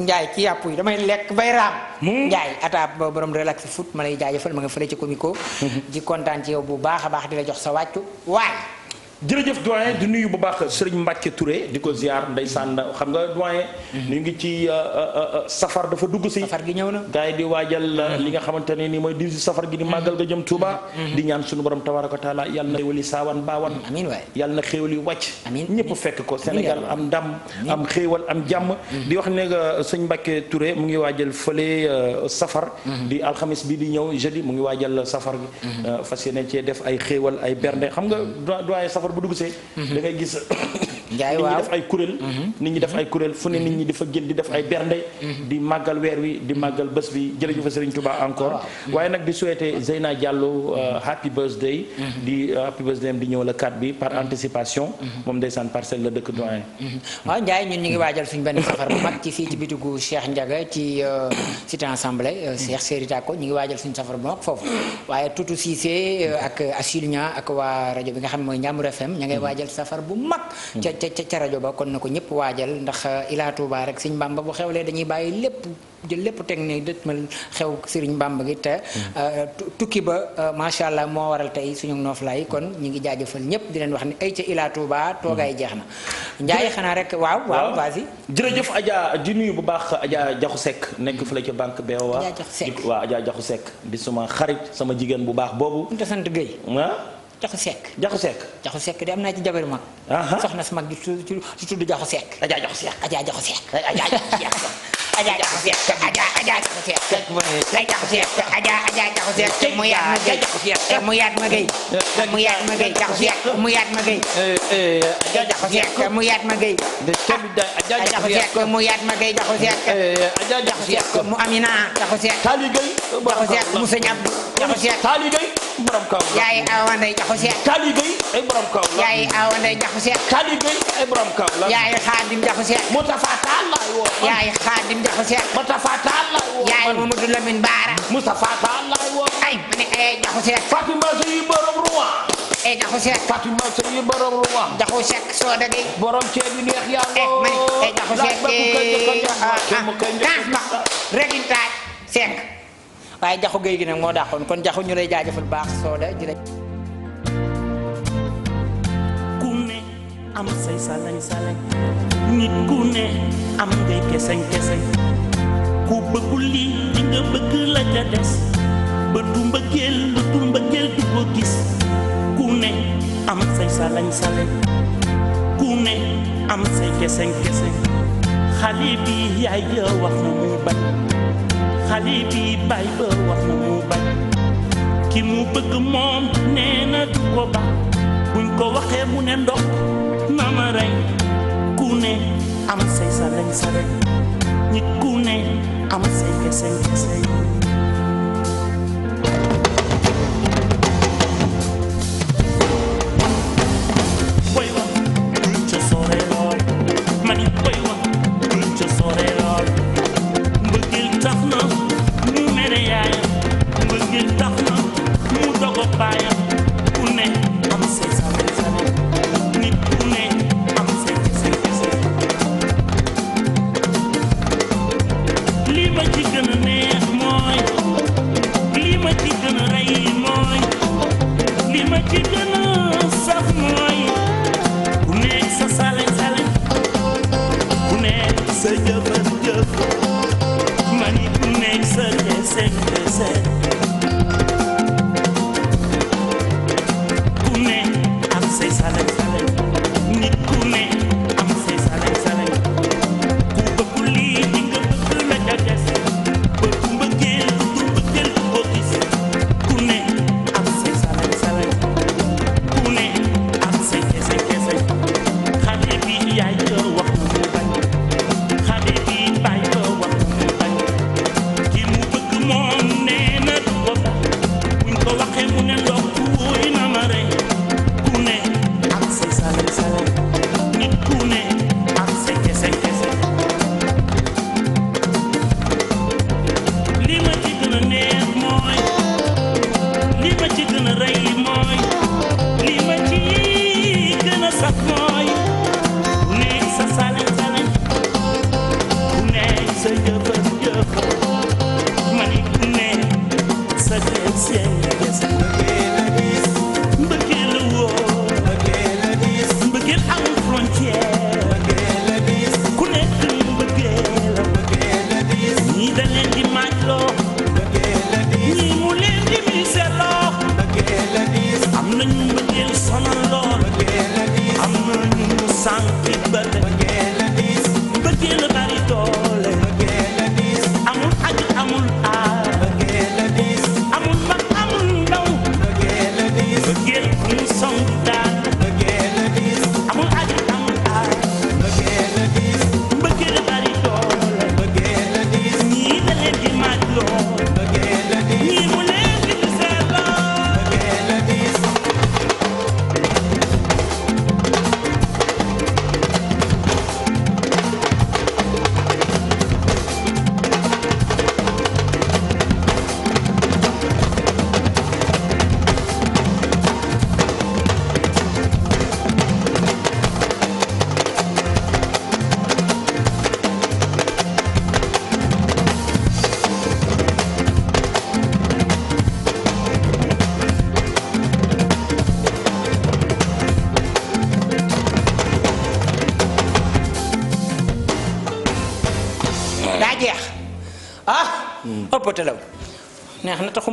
njaay ci yàpp yi damay lekk bay raam. Mm-hmm. njaay ataab borom relax food ma lay jaajëfal ma nga fële ci comico. di kontaan ci yow bu baax a baax di la jox sa wàccu waay.
jërëjëf doyen di nuyu bu baax sëriñ Mbacke Touré di ko ziar ndeysaan xam nga doyen. Mhm. ñu ngi ci euh, euh, euh, safar dafa dugg si. safar gi ñëw na gars yi di waajal mhm. li nga xamante ne ni mooy di safar gi di mhm. màggal ga jëm Touba. di ñaan suñu borom tabaraka taala yàlla na xéwali saawan baawan. amiin waay yàlla na xéwali wàcc. amiin ñëpp fekk ko Sénégal am ndam. am xéewal am jàmm. di wax ne sëñ Mbacke ture mu ngi waajal fële safar. di alxamis bi di ñëw jeudi mu ngi waajal safar gi. cee def ay xéewal ay bu dugg see. da ngay gis njaay waaw nit ñi def ay kuréel. Mhm. nit ñi def ay kuréel fu ne mhm. nit ñi di fa génn di def ay mhm. bi jërëjëf Serigne Touba encore. waaye nag di souhaiter Zeyna Diallo euh, happy birthday. di euh, happy birthday am di ñëw la kat bi par anticipation. moom ndeysaan parcelle la dëkk doyen.
waaw Ndiaye ñun ñu ngi waajal suñu benn safar bu mag ci fii ci bitigu Cheikh Ndiaga ci euh, cité assemblée Cheikh Seri Tako ñu ngi waajal suñu safar bu mag foofu waaye Tutu Cissé ak Asilña ak waa rajo bi nga xam mooy Ndiambour FM ña ngay waajal safar bu mag. ca ca rajo ba kon na ko ñëpp waajal ndax uh, Ila Touba rek Sëriñ Bamba bu xewlee dañuy bàyyi lépp jël lépp teg ne dëtmal xew Sëriñ Bamba gi te mm. uh, tukki ba uh, macha allah moo waral tey suñu noof nooflaay kon ñu ngi jaajëfal ñëpp di leen wax ni ay ca Ila Touba toogaay mm. jeex na Ndiaye xanaa rek waaw waaw vas-y
jërëjëf Adja di nuyu bu baax Adja Jaxu Seck nekk fële ca banque BOA waaw Adja Jaxu Seck di suma xarit sama jigéen bu baax boobu sant Gueye ah?
jaxu sekk jaxu sekk jaxu sekk de am naa ci jabar mag soxna si mag di tudd jaxu sekk ajaa jaxu sekk ajaa jaxu sekk [LAUGHS] Adja Diakhou Seck Adja Adja Diakhou Seck lay Diakhou Seck Adja Adja Diakhou Seck mu yaat ma gay mu yaat ma gay mu yaat ma gay Diakhou Seck mu yaat ma gay Adja Diakhou Seck mu yaat ma gay Adja Diakhou Seck mu yaat ma gay Diakhou Seck Adja Diakhou Seck mu Amina Diakhou Seck Tali Gueye Diakhou Seck mu Sëñ Abdou Diakhou Seck Tali Gueye borom kaw yaay Awa Ndeye Diakhou Seck Tali Gueye ay borom kaw yaay Awa Ndeye Diakhou Seck Tali Gueye ay borom kaw yaay Xaadim Diakhou Seck Mutafa Talla yaay Xaadim dafa seet ba tafaatal la woo yaay Mamadou Lamine Baara Moustapha Tall laay woo ay ma ne eh, ay jaxu seet jaxu seet Fatima Sey borom ruwa eh, jaxu seet sooda de borom ceeb neex yaa woo eh, ma ne jaxu seet dance ma regintaaj seek waaye jaxu géej gi nag moo daaxoon kon jaxu ñu lay jaajëfal baax sooda jërëjëf
ku nit ku ne am ngay keseñ keseñ ku bëggul lii nga bëgg la ca des ba mbëggeel lu mbëggeel du ko gis ku ne am say salañ salañ ku ne am say keseñ keseñ xale bi yaay ba wax na mu bañ xale bi baay ba wax na mu bañ ki mu bëgg moom nee na ko ba buñ ko waxee mu ne ndox na ma rey ku ne am say saleen saleen nit ku ne am say kese kese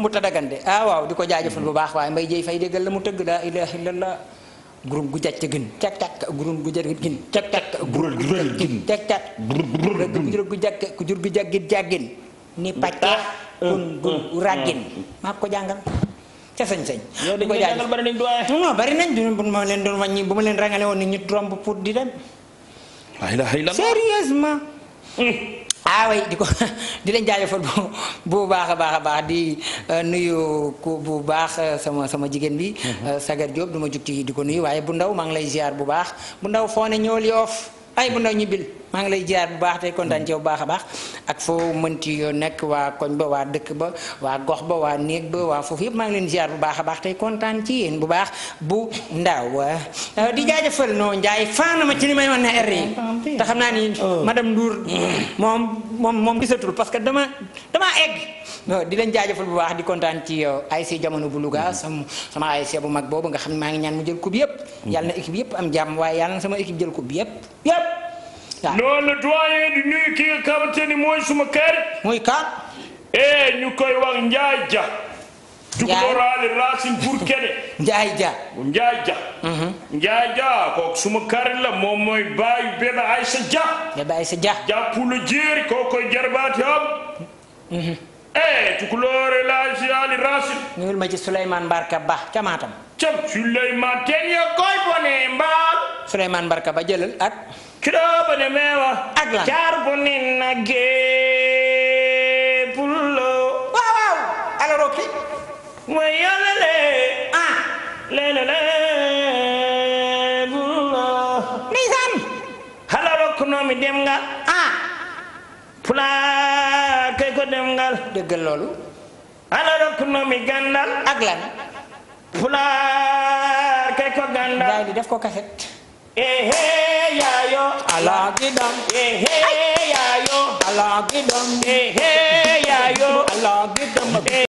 yombut a dagan de ah waaw di ko jaajëfal bu baax waaye mbay jëy fay déggal la mu tëgg laa ilaha illallah gurum gu jàcc gin cak cak gurum gu jàcc gin cak cak gurum gu jàcc gin cak cak ku jur gu jàcc ku jur gu jàggin ah, jàggin ni pàcce ah. gun gun ràggin maa ko jàngal ca sañ-sañ di ko jàngal bari nañ doyen bari nañ du bu ma leen doon wàññi bu ma leen rangale woon ni ñu trompe pour di dem la ilaha sérieusement hmm. ah di ko [LAUGHS] di leen jaajëfal bu bu baax a baax a baax di euh, nuyu ku bu baax euh, sama sama jigéen bi. Mhm. Euh, Sagar Diop du ma jug ci di ko nuyu waaye bu ndaw maa ngi lay ziar bu baax bu ndaw foo ne ñool yoof ay bu ndaw ñibbil maa ngi lay jaar bu baax tey kontaan ci yow baax a baax ak foo mënti yoo nekk waa koñ ba waa dëkk ba waa gox ba waa néeg ba waa foofu yëpp maa ngi leen jaar bu baax a baax tey kontaan ci yéen bu baax bu ndaw euh, di jaajëfal noo Ndiaye fànn ma ci li may wan ne R yi te xam naa ni oh. madame Ndour moom moom moom gisatul parce que dama dama egg di leen jaajëfal bu baax di kontaan ci euh, ASC jamono bu Louga mhm. sama ay see bu mag boobu nga xam ne maa ngi ñaan mu jël coupe yëpp mhm. yàlla na équipe yëpp am jàmm waaye yàlla na sama équipe jël coupe yëpp yëpp waaw loolu la doyen di nuyu ki nga xamante ni mooy suma kër mooy kaar eh
ñu koy wax Njaay Ja tukulóoraali racine pour kene Njaay Ja mhm. suma kari la moom mooy baayu bébé Aysa Ja Ja jàppu la jéeri koy jarbaati am
eyi eh, cukalore laasi ali rasil ñulmaji souleymane mbarka ba camatam cam souleymane ten yo bone mbaal souleymane mbarka ba jëlal ak cuɗoɓone
mewa ak la car bonin na gepullo wawaw ala roki mo yalale a ah. lelele bullo ndeysan hala rokkunomi demgal a ah. pulaar ko dem ngal dëggal
loolu ala
rok nomi gandal ak lan fulaar gandal di def ko kaset ehe yaayo gidam ehe yaayo gidam ehe yaayo
ala gidam eh, eh,